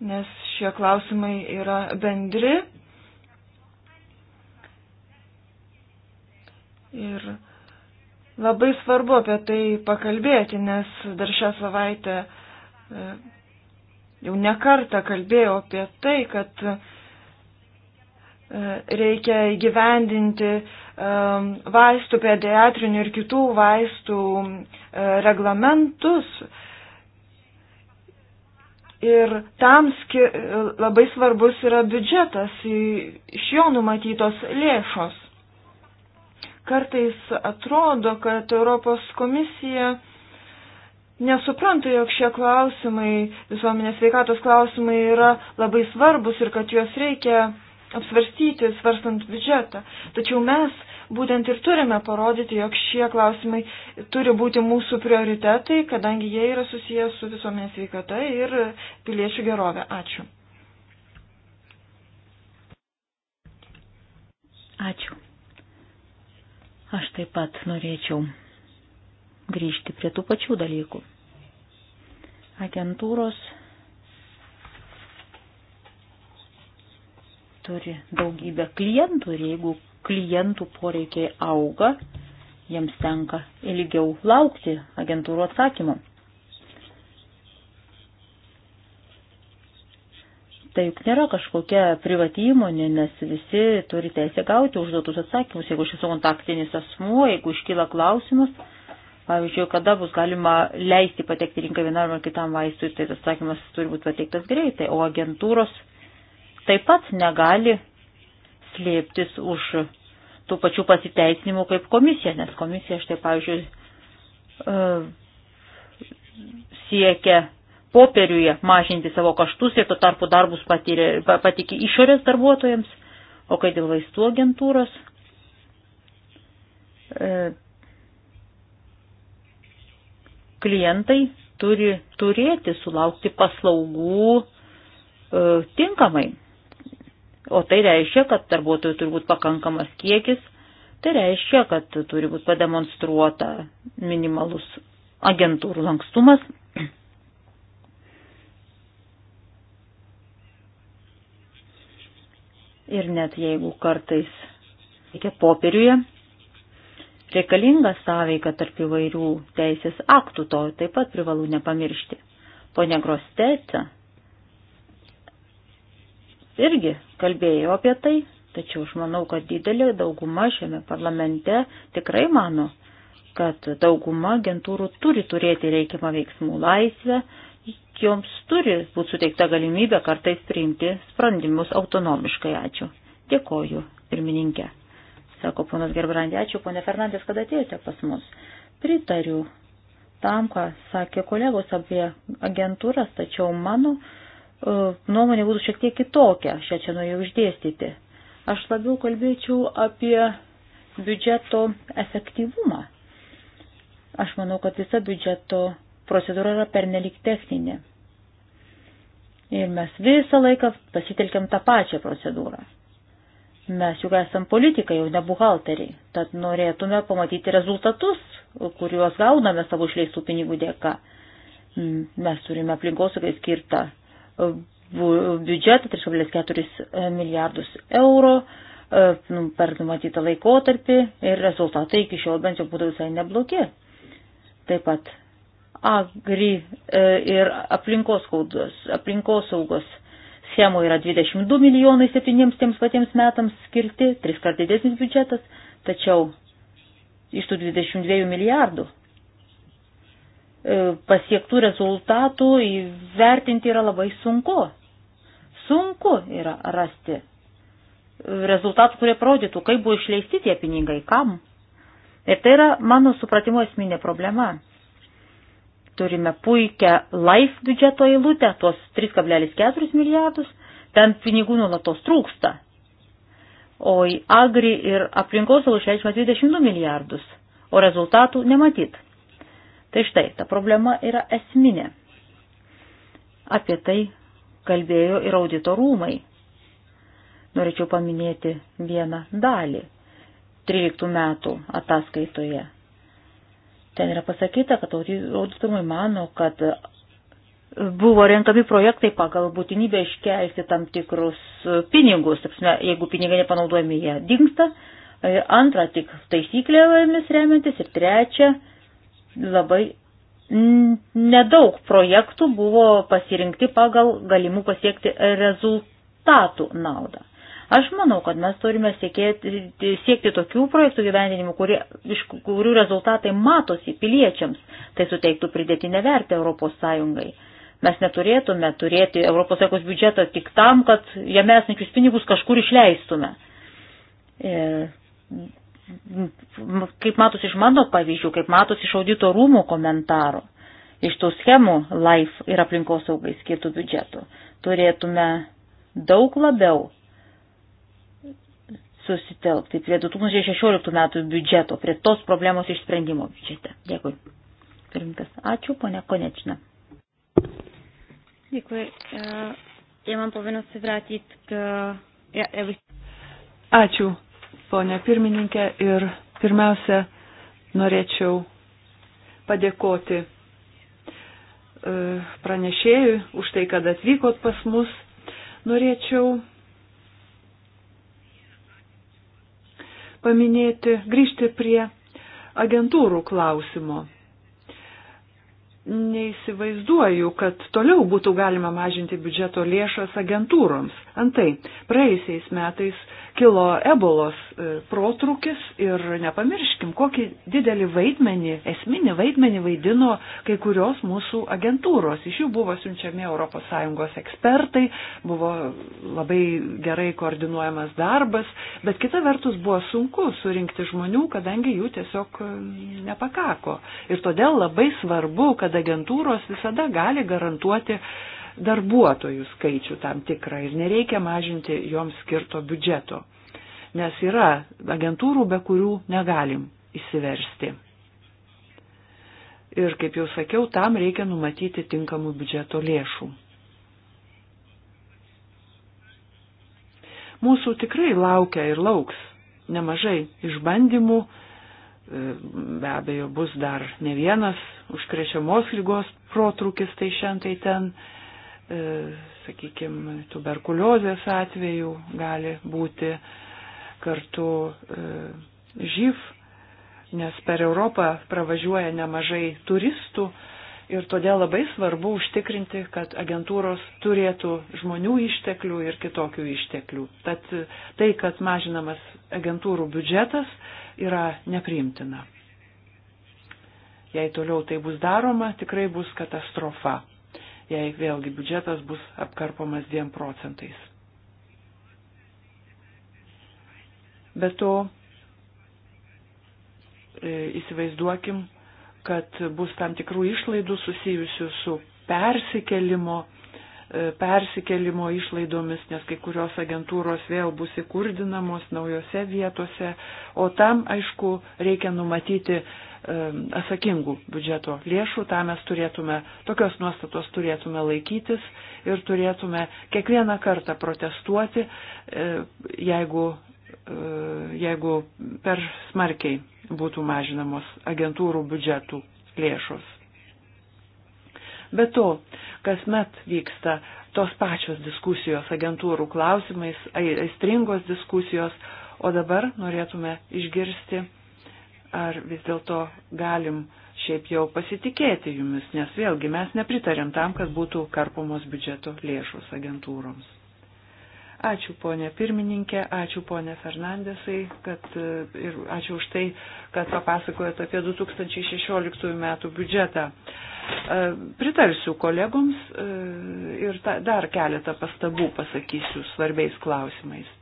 S3: nes šie klausimai yra bendri. Ir labai svarbu apie tai pakalbėti, nes dar šią savaitę e, jau nekartą kalbėjau apie tai, kad e, reikia įgyvendinti Um, vaistų, pediatrinių ir kitų vaistų um, reglamentus. Ir tam labai svarbus yra biudžetas, iš jo numatytos lėšos. Kartais atrodo, kad Europos komisija nesupranta, jog šie klausimai, visuomenės veikatos klausimai yra labai svarbus ir kad juos reikia apsvarstyti, svarstant biudžetą. Tačiau mes būtent ir turime parodyti, jog šie klausimai turi būti mūsų prioritetai, kadangi jie yra susijęs su visuomenės veikata ir piliečių gerovė. Ačiū.
S2: Ačiū. Aš taip pat norėčiau grįžti prie tų pačių dalykų. Agentūros turi daugybę klientų ir jeigu klientų poreikiai auga, jiems tenka ilgiau laukti agentūrų atsakymų. Tai juk nėra kažkokia privati įmonė, nes visi turi teisę gauti užduotus atsakymus, jeigu šis kontaktinis asmuo, jeigu iškyla klausimas, pavyzdžiui, kada bus galima leisti patekti rinką vienam ar kitam vaistui, tai tas atsakymas turi būti pateiktas greitai, o agentūros taip pat negali slėptis už tų pačių pasiteisinimų kaip komisija, nes komisija štai, pavyzdžiui, e, siekia popieriuje mažinti savo kaštus ir tuo tarpu darbus patyrė, patikė išorės darbuotojams, o kai dėl vaistų agentūros. E, klientai turi turėti sulaukti paslaugų e, tinkamai. O tai reiškia, kad darbuotojų turi būti pakankamas kiekis, tai reiškia, kad turi būti pademonstruota minimalus agentūrų lankstumas. Ir net jeigu kartais reikia popieriuje, reikalinga sąveika tarp įvairių teisės aktų, to taip pat privalu nepamiršti. Pone Grostete irgi kalbėjo apie tai, tačiau aš manau, kad didelė dauguma šiame parlamente tikrai mano, kad dauguma agentūrų turi turėti reikiamą veiksmų laisvę, joms turi būti suteikta galimybė kartais priimti sprendimus autonomiškai. Ačiū. Dėkoju, pirmininkė. Sako ponas Gerbrandė, ačiū, ponė Fernandės, kad atėjote pas mus. Pritariu tam, ką sakė kolegos apie agentūras, tačiau mano E, nuomonė būtų šiek tiek kitokia, šią čia norėjau išdėstyti. Aš labiau kalbėčiau apie biudžeto efektyvumą. Aš manau, kad visa biudžeto procedūra yra pernelik techninė. Ir mes visą laiką pasitelkiam tą pačią procedūrą. Mes juk esam politikai, jau ne buhalteriai, tad norėtume pamatyti rezultatus, kuriuos gauname savo išleistų pinigų dėka. Mm, mes turime aplinkosaugai skirtą biudžetą 3,4 milijardus eurų e, nu, per numatytą laikotarpį ir rezultatai iki šiol bent jau būtų visai neblogi. Taip pat agri e, ir aplinkos, kaudos, aplinkos saugos schemų yra 22 milijonai septyniems tiems patiems metams skirti, tris kart didesnis biudžetas, tačiau iš tų 22 milijardų E, pasiektų rezultatų įvertinti yra labai sunku. Sunku yra rasti rezultatų, kurie parodytų, kaip buvo išleisti tie pinigai, kam. Ir tai yra mano supratimo esminė problema. Turime puikią LIFE biudžeto eilutę, tuos 3,4 milijardus, ten pinigų nulatos trūksta. O į Agri ir aplinkosaugų išleidžiama 22 milijardus, o rezultatų nematyt. Tai štai, ta problema yra esminė. Apie tai kalbėjo ir auditorumai. Norėčiau paminėti vieną dalį 13 metų ataskaitoje. Ten yra pasakyta, kad auditorumai mano, kad buvo renkami projektai pagal būtinybę iškelti tam tikrus pinigus, apsime, jeigu pinigai nepanaudojami, jie dinksta. Antra, tik taisyklėmis remiantis ir trečia, labai nedaug projektų buvo pasirinkti pagal galimų pasiekti rezultatų naudą. Aš manau, kad mes turime siekėti, siekti tokių projektų gyvendinimų, kurie, iš kurių rezultatai matosi piliečiams, tai suteiktų pridėtinę vertę Europos Sąjungai. Mes neturėtume turėti Europos Sąjungos biudžetą tik tam, kad jame esančius pinigus kažkur išleistume. E, kaip matosi iš mano pavyzdžių, kaip matosi iš audito rūmų komentarų, iš tų schemų LIFE ir aplinkos saugai skirtų biudžetų, turėtume daug labiau susitelkti prie 2016 metų biudžeto, prie tos problemos išsprendimo biudžete. Dėkui. Pirmininkas, ačiū, ponia Konečna. Děkuji. E, já mám povinnost se vrátit k... Já, já bych...
S3: Ačiū ponė pirmininkė, ir pirmiausia, norėčiau padėkoti e, pranešėjui už tai, kad atvykot pas mus. Norėčiau paminėti, grįžti prie agentūrų klausimo. Neįsivaizduoju, kad toliau būtų galima mažinti biudžeto lėšas agentūroms. Antai, praeisiais metais kilo ebolos e, protrukis ir nepamirškim, kokį didelį vaidmenį, esminį vaidmenį vaidino kai kurios mūsų agentūros. Iš jų buvo siunčiami ES ekspertai, buvo labai gerai koordinuojamas darbas, bet kita vertus buvo sunku surinkti žmonių, kadangi jų tiesiog e, nepakako. Ir todėl labai svarbu, kad agentūros visada gali garantuoti darbuotojų skaičių tam tikrą ir nereikia mažinti joms skirto biudžeto, nes yra agentūrų, be kurių negalim įsiversti. Ir, kaip jau sakiau, tam reikia numatyti tinkamų biudžeto lėšų. Mūsų tikrai laukia ir lauks nemažai išbandymų, e, be abejo bus dar ne vienas užkrečiamos lygos protrukis tai šiandien tai ten, E, sakykime, tuberkuliozės atveju gali būti kartu e, živ, nes per Europą pravažiuoja nemažai turistų ir todėl labai svarbu užtikrinti, kad agentūros turėtų žmonių išteklių ir kitokių išteklių. Tad tai, kad mažinamas agentūrų biudžetas, yra nepriimtina. Jei toliau tai bus daroma, tikrai bus katastrofa jei vėlgi biudžetas bus apkarpomas 2 procentais. Be to, e, įsivaizduokim, kad bus tam tikrų išlaidų susijusių su persikelimo, e, persikelimo išlaidomis, nes kai kurios agentūros vėl bus įkurdinamos naujose vietose, o tam, aišku, reikia numatyti atsakingų biudžeto lėšų, tą mes turėtume, tokios nuostatos turėtume laikytis ir turėtume kiekvieną kartą protestuoti, e, jeigu, e, jeigu per smarkiai būtų mažinamos agentūrų biudžetų lėšos. Be to, kasmet vyksta tos pačios diskusijos agentūrų klausimais, aistringos diskusijos, o dabar norėtume išgirsti ar vis dėlto galim šiaip jau pasitikėti jumis, nes vėlgi mes nepritarėm tam, kad būtų karpomos biudžeto lėšos agentūroms. Ačiū ponė pirmininkė, ačiū ponė Fernandesai kad, e, ir ačiū už tai, kad papasakojot apie 2016 metų biudžetą. E, pritarsiu kolegoms e, ir ta, dar keletą pastabų pasakysiu svarbiais klausimais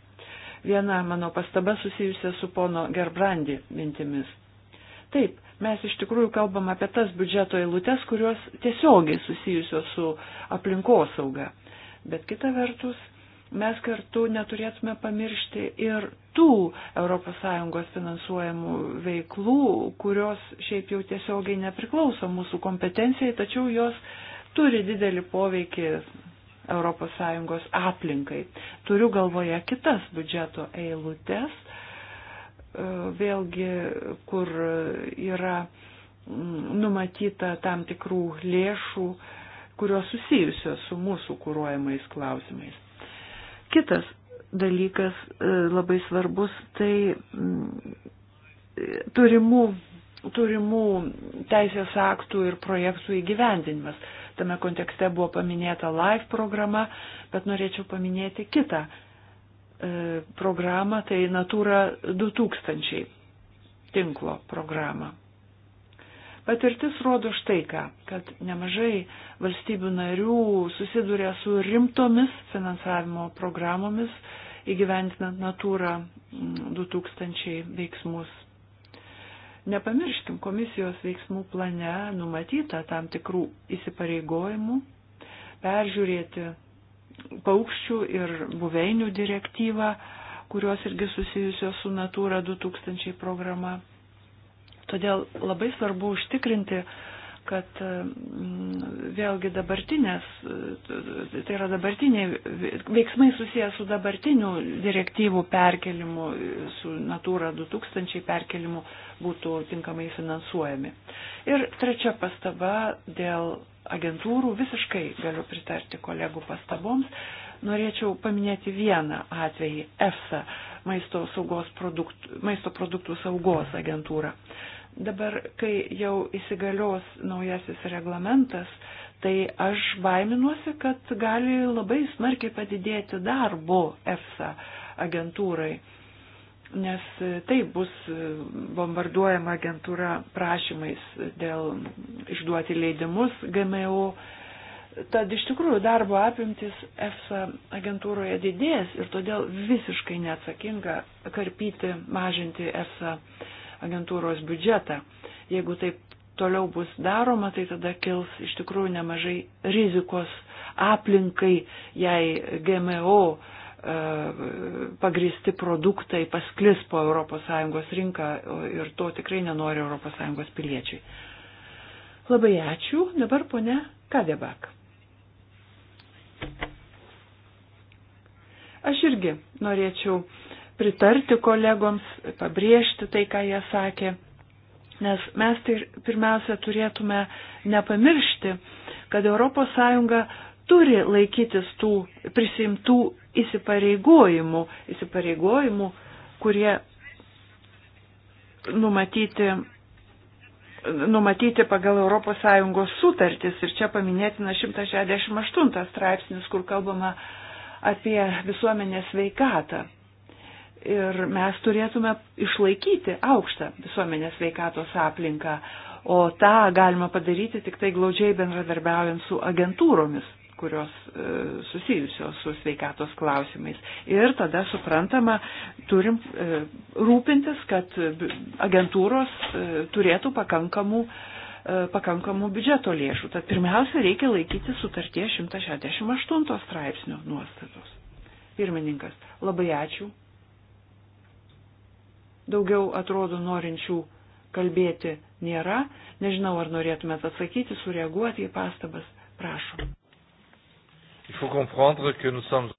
S3: viena mano pastaba susijusia su pono Gerbrandi mintimis. Taip, mes iš tikrųjų kalbam apie tas biudžeto eilutes, kurios tiesiogiai susijusios su aplinkosauga. Bet kita vertus, mes kartu neturėtume pamiršti ir tų ES finansuojamų veiklų, kurios šiaip jau tiesiogiai nepriklauso mūsų kompetencijai, tačiau jos turi didelį poveikį ES aplinkai. Turiu galvoje kitas biudžeto eilutes, e, vėlgi, kur yra mm, numatyta tam tikrų lėšų, kurios susijusios su mūsų kūruojamais klausimais. Kitas dalykas e, labai svarbus, tai mm, turimų turimų teisės aktų ir projektų įgyvendinimas. Tame kontekste buvo paminėta LIFE programa, bet norėčiau paminėti kitą e, programą, tai Natura 2000 tinklo programą. Patirtis rodo štai ką, kad nemažai valstybių narių susiduria su rimtomis finansavimo programomis įgyventinant Natūra 2000 mm, veiksmus nepamirškim, komisijos veiksmų plane numatyta tam tikrų įsipareigojimų peržiūrėti paukščių ir buveinių direktyvą, kurios irgi susijusios su Natūra 2000 programa. Todėl labai svarbu užtikrinti, kad mm, vėlgi dabartinės, tai yra dabartiniai veiksmai susiję su dabartiniu direktyvų perkelimu, su Natūra 2000 perkelimu būtų tinkamai finansuojami. Ir trečia pastaba dėl agentūrų, visiškai galiu pritarti kolegų pastaboms, norėčiau paminėti vieną atvejį - EFSA, maisto, produktų, maisto produktų saugos agentūra. Dabar, kai jau įsigalios naujasis reglamentas, tai aš baiminuosi, kad gali labai smarkiai padidėti darbo EFSA agentūrai nes tai bus e, bombarduojama agentūra prašymais dėl išduoti leidimus GMO. Tad iš tikrųjų darbo apimtis EFSA agentūroje didės ir todėl visiškai neatsakinga karpyti, mažinti EFSA agentūros biudžetą. Jeigu taip toliau bus daroma, tai tada kils iš tikrųjų nemažai rizikos aplinkai, jei GMO uh, E, pagristi produktai pasklis po ES rinką ir to tikrai nenori ES piliečiai. Labai ačiū. Dabar ponia Kadebak. Aš irgi norėčiau pritarti kolegoms, pabrėžti tai, ką jie sakė, nes mes tai pirmiausia turėtume nepamiršti, kad ES turi laikytis tų prisimtų įsipareigojimų, įsipareigojimų, kurie numatyti, numatyti pagal ES sutartis. Ir čia paminėtina 168 straipsnis, kur kalbama apie visuomenės veikatą. Ir mes turėtume išlaikyti aukštą visuomenės veikatos aplinką, o tą galima padaryti tik tai glaudžiai bendradarbiaujant su agentūromis kurios e, susijusios su sveikatos klausimais. Ir tada, suprantama, turim e, rūpintis, kad agentūros e, turėtų pakankamų pakankamų biudžeto lėšų. Tad pirmiausia, reikia laikyti sutarties 168 straipsnio nuostatos. Pirmininkas, labai ačiū. Daugiau atrodo norinčių kalbėti nėra. Nežinau, ar norėtumėt atsakyti, sureaguoti į pastabas. Prašom.
S1: Il faut comprendre que nous sommes.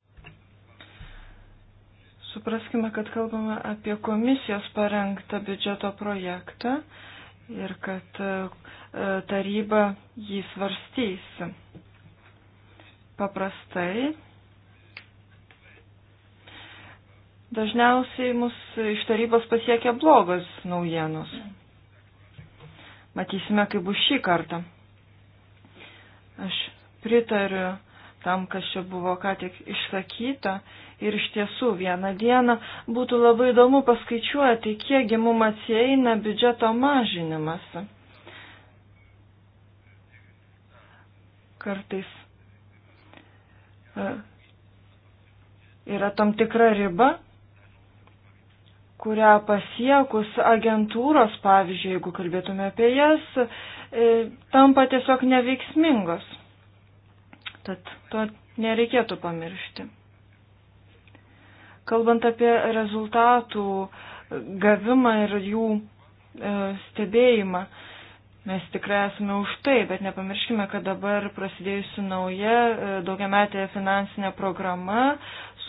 S3: Supraskime, kad kalbame apie komisijos parengtą biudžeto projektą ir kad e, e, taryba jį svarstys. Paprastai dažniausiai mus iš tarybos pasiekia blogos naujienos. Matysime, kaip bus šį kartą. Aš pritariu tam, kas čia buvo ką tik išsakyta. Ir iš tiesų vieną dieną būtų labai įdomu paskaičiuoti, kiekgi mum atsieina biudžeto mažinimas. Kartais e, yra tam tikra riba, kurią pasiekus agentūros, pavyzdžiui, jeigu kalbėtume apie jas, e, tampa tiesiog neveiksmingos. Tad to nereikėtų pamiršti. Kalbant apie rezultatų gavimą ir jų e, stebėjimą, mes tikrai esame už tai, bet nepamirškime, kad dabar prasidėjusi nauja e, daugiametė finansinė programa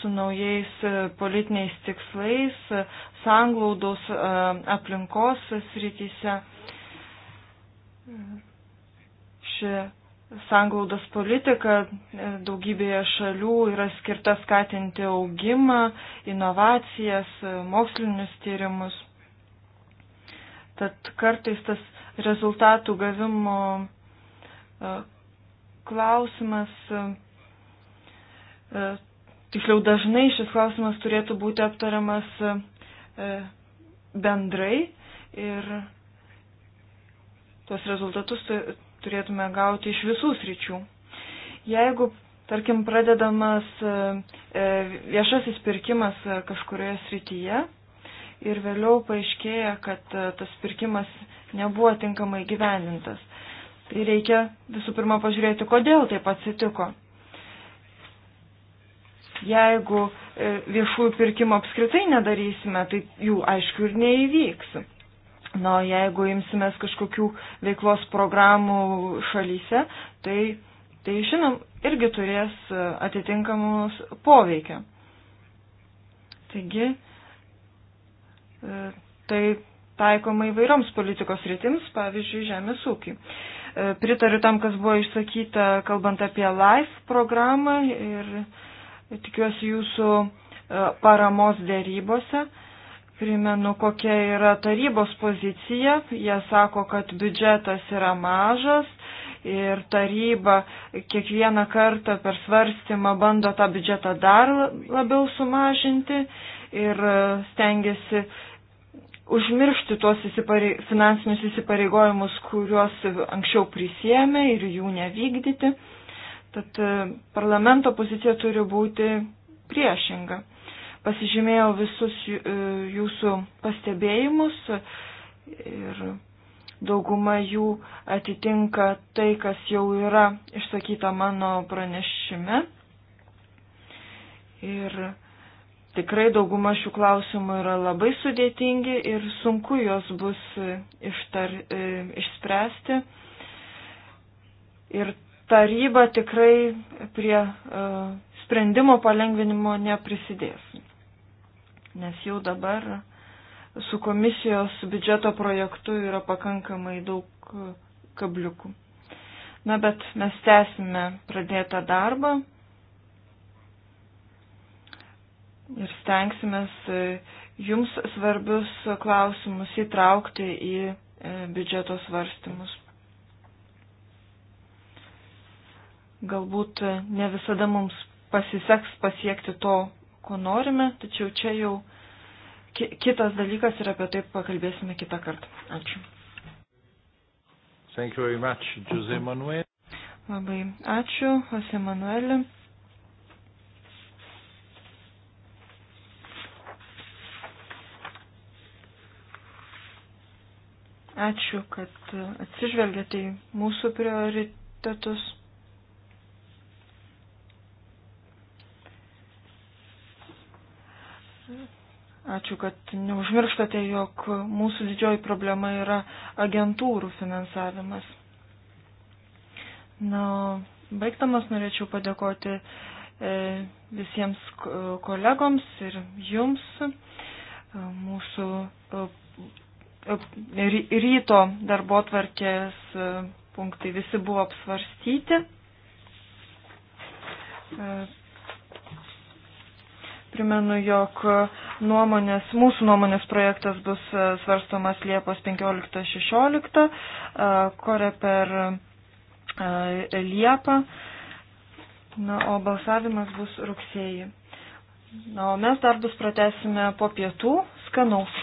S3: su naujais e, politiniais tikslais, sanglaudos aplinkos srityse. Ši sanglaudos politika e, daugybėje šalių yra skirta skatinti augimą, inovacijas, e, mokslinius tyrimus. Tad kartais tas rezultatų gavimo e, klausimas, tiksliau dažnai šis klausimas turėtų būti aptariamas bendrai ir tuos rezultatus turėtume gauti iš visų sričių. Jeigu, tarkim, pradedamas e, e, viešasis pirkimas e, kažkurioje srityje ir vėliau paaiškėja, kad tas pirkimas nebuvo tinkamai gyvenintas, tai reikia visų pirma pažiūrėti, kodėl taip atsitiko. Jeigu viešųjų pirkimų apskritai nedarysime, tai jų aišku ir neįvyks. Na, jeigu imsimės kažkokių veiklos programų šalyse, tai, tai žinom, irgi turės e, atitinkamus poveikio. Taigi, e, tai taikoma įvairioms politikos rytims, pavyzdžiui, žemės ūkiai. E, pritariu tam, kas buvo išsakyta, kalbant apie LIFE programą ir tikiuosi jūsų paramos dėrybose. Primenu, kokia yra tarybos pozicija. Jie sako, kad biudžetas yra mažas ir taryba kiekvieną kartą per svarstymą bando tą biudžetą dar labiau sumažinti ir e, stengiasi užmiršti tuos įsiparei, finansinius įsipareigojimus, kuriuos anksčiau prisėmė ir jų nevykdyti. Tad e, parlamento pozicija turi būti priešinga pasižymėjau visus e, jūsų pastebėjimus ir dauguma jų atitinka tai, kas jau yra išsakyta mano pranešime. Ir tikrai dauguma šių klausimų yra labai sudėtingi ir sunku jos bus ištar, e, išspręsti. Ir taryba tikrai prie uh, sprendimo palengvinimo neprisidės nes jau dabar su komisijos biudžeto projektu yra pakankamai daug kabliukų. Na, bet mes tęsime pradėtą darbą ir stengsimės e, jums svarbius klausimus įtraukti į e, biudžeto svarstymus. Galbūt e, ne visada mums pasiseks pasiekti to, ko norime, tačiau čia jau kitas dalykas ir apie tai pakalbėsime kitą kartą. Ačiū.
S1: Thank you very much, Jose Manuel.
S3: Labai ačiū, Jose Manueli. Ačiū, kad atsižvelgėte į mūsų prioritetus. Ačiū, kad neužmirštate, jog mūsų didžioji problema yra agentūrų finansavimas. Na, baigtamas norėčiau padėkoti e, visiems kolegoms ir jums. E, mūsų e, ryto darbo tvarkės punktai visi buvo apsvarstyti. Primenu, jog nuomonės, mūsų nuomonės projektas bus e, svarstomas Liepos 15-16, e, kore per e, Liepą, na, o balsavimas bus rugsėjai. Na, o mes darbus pratesime po pietų, skanaus.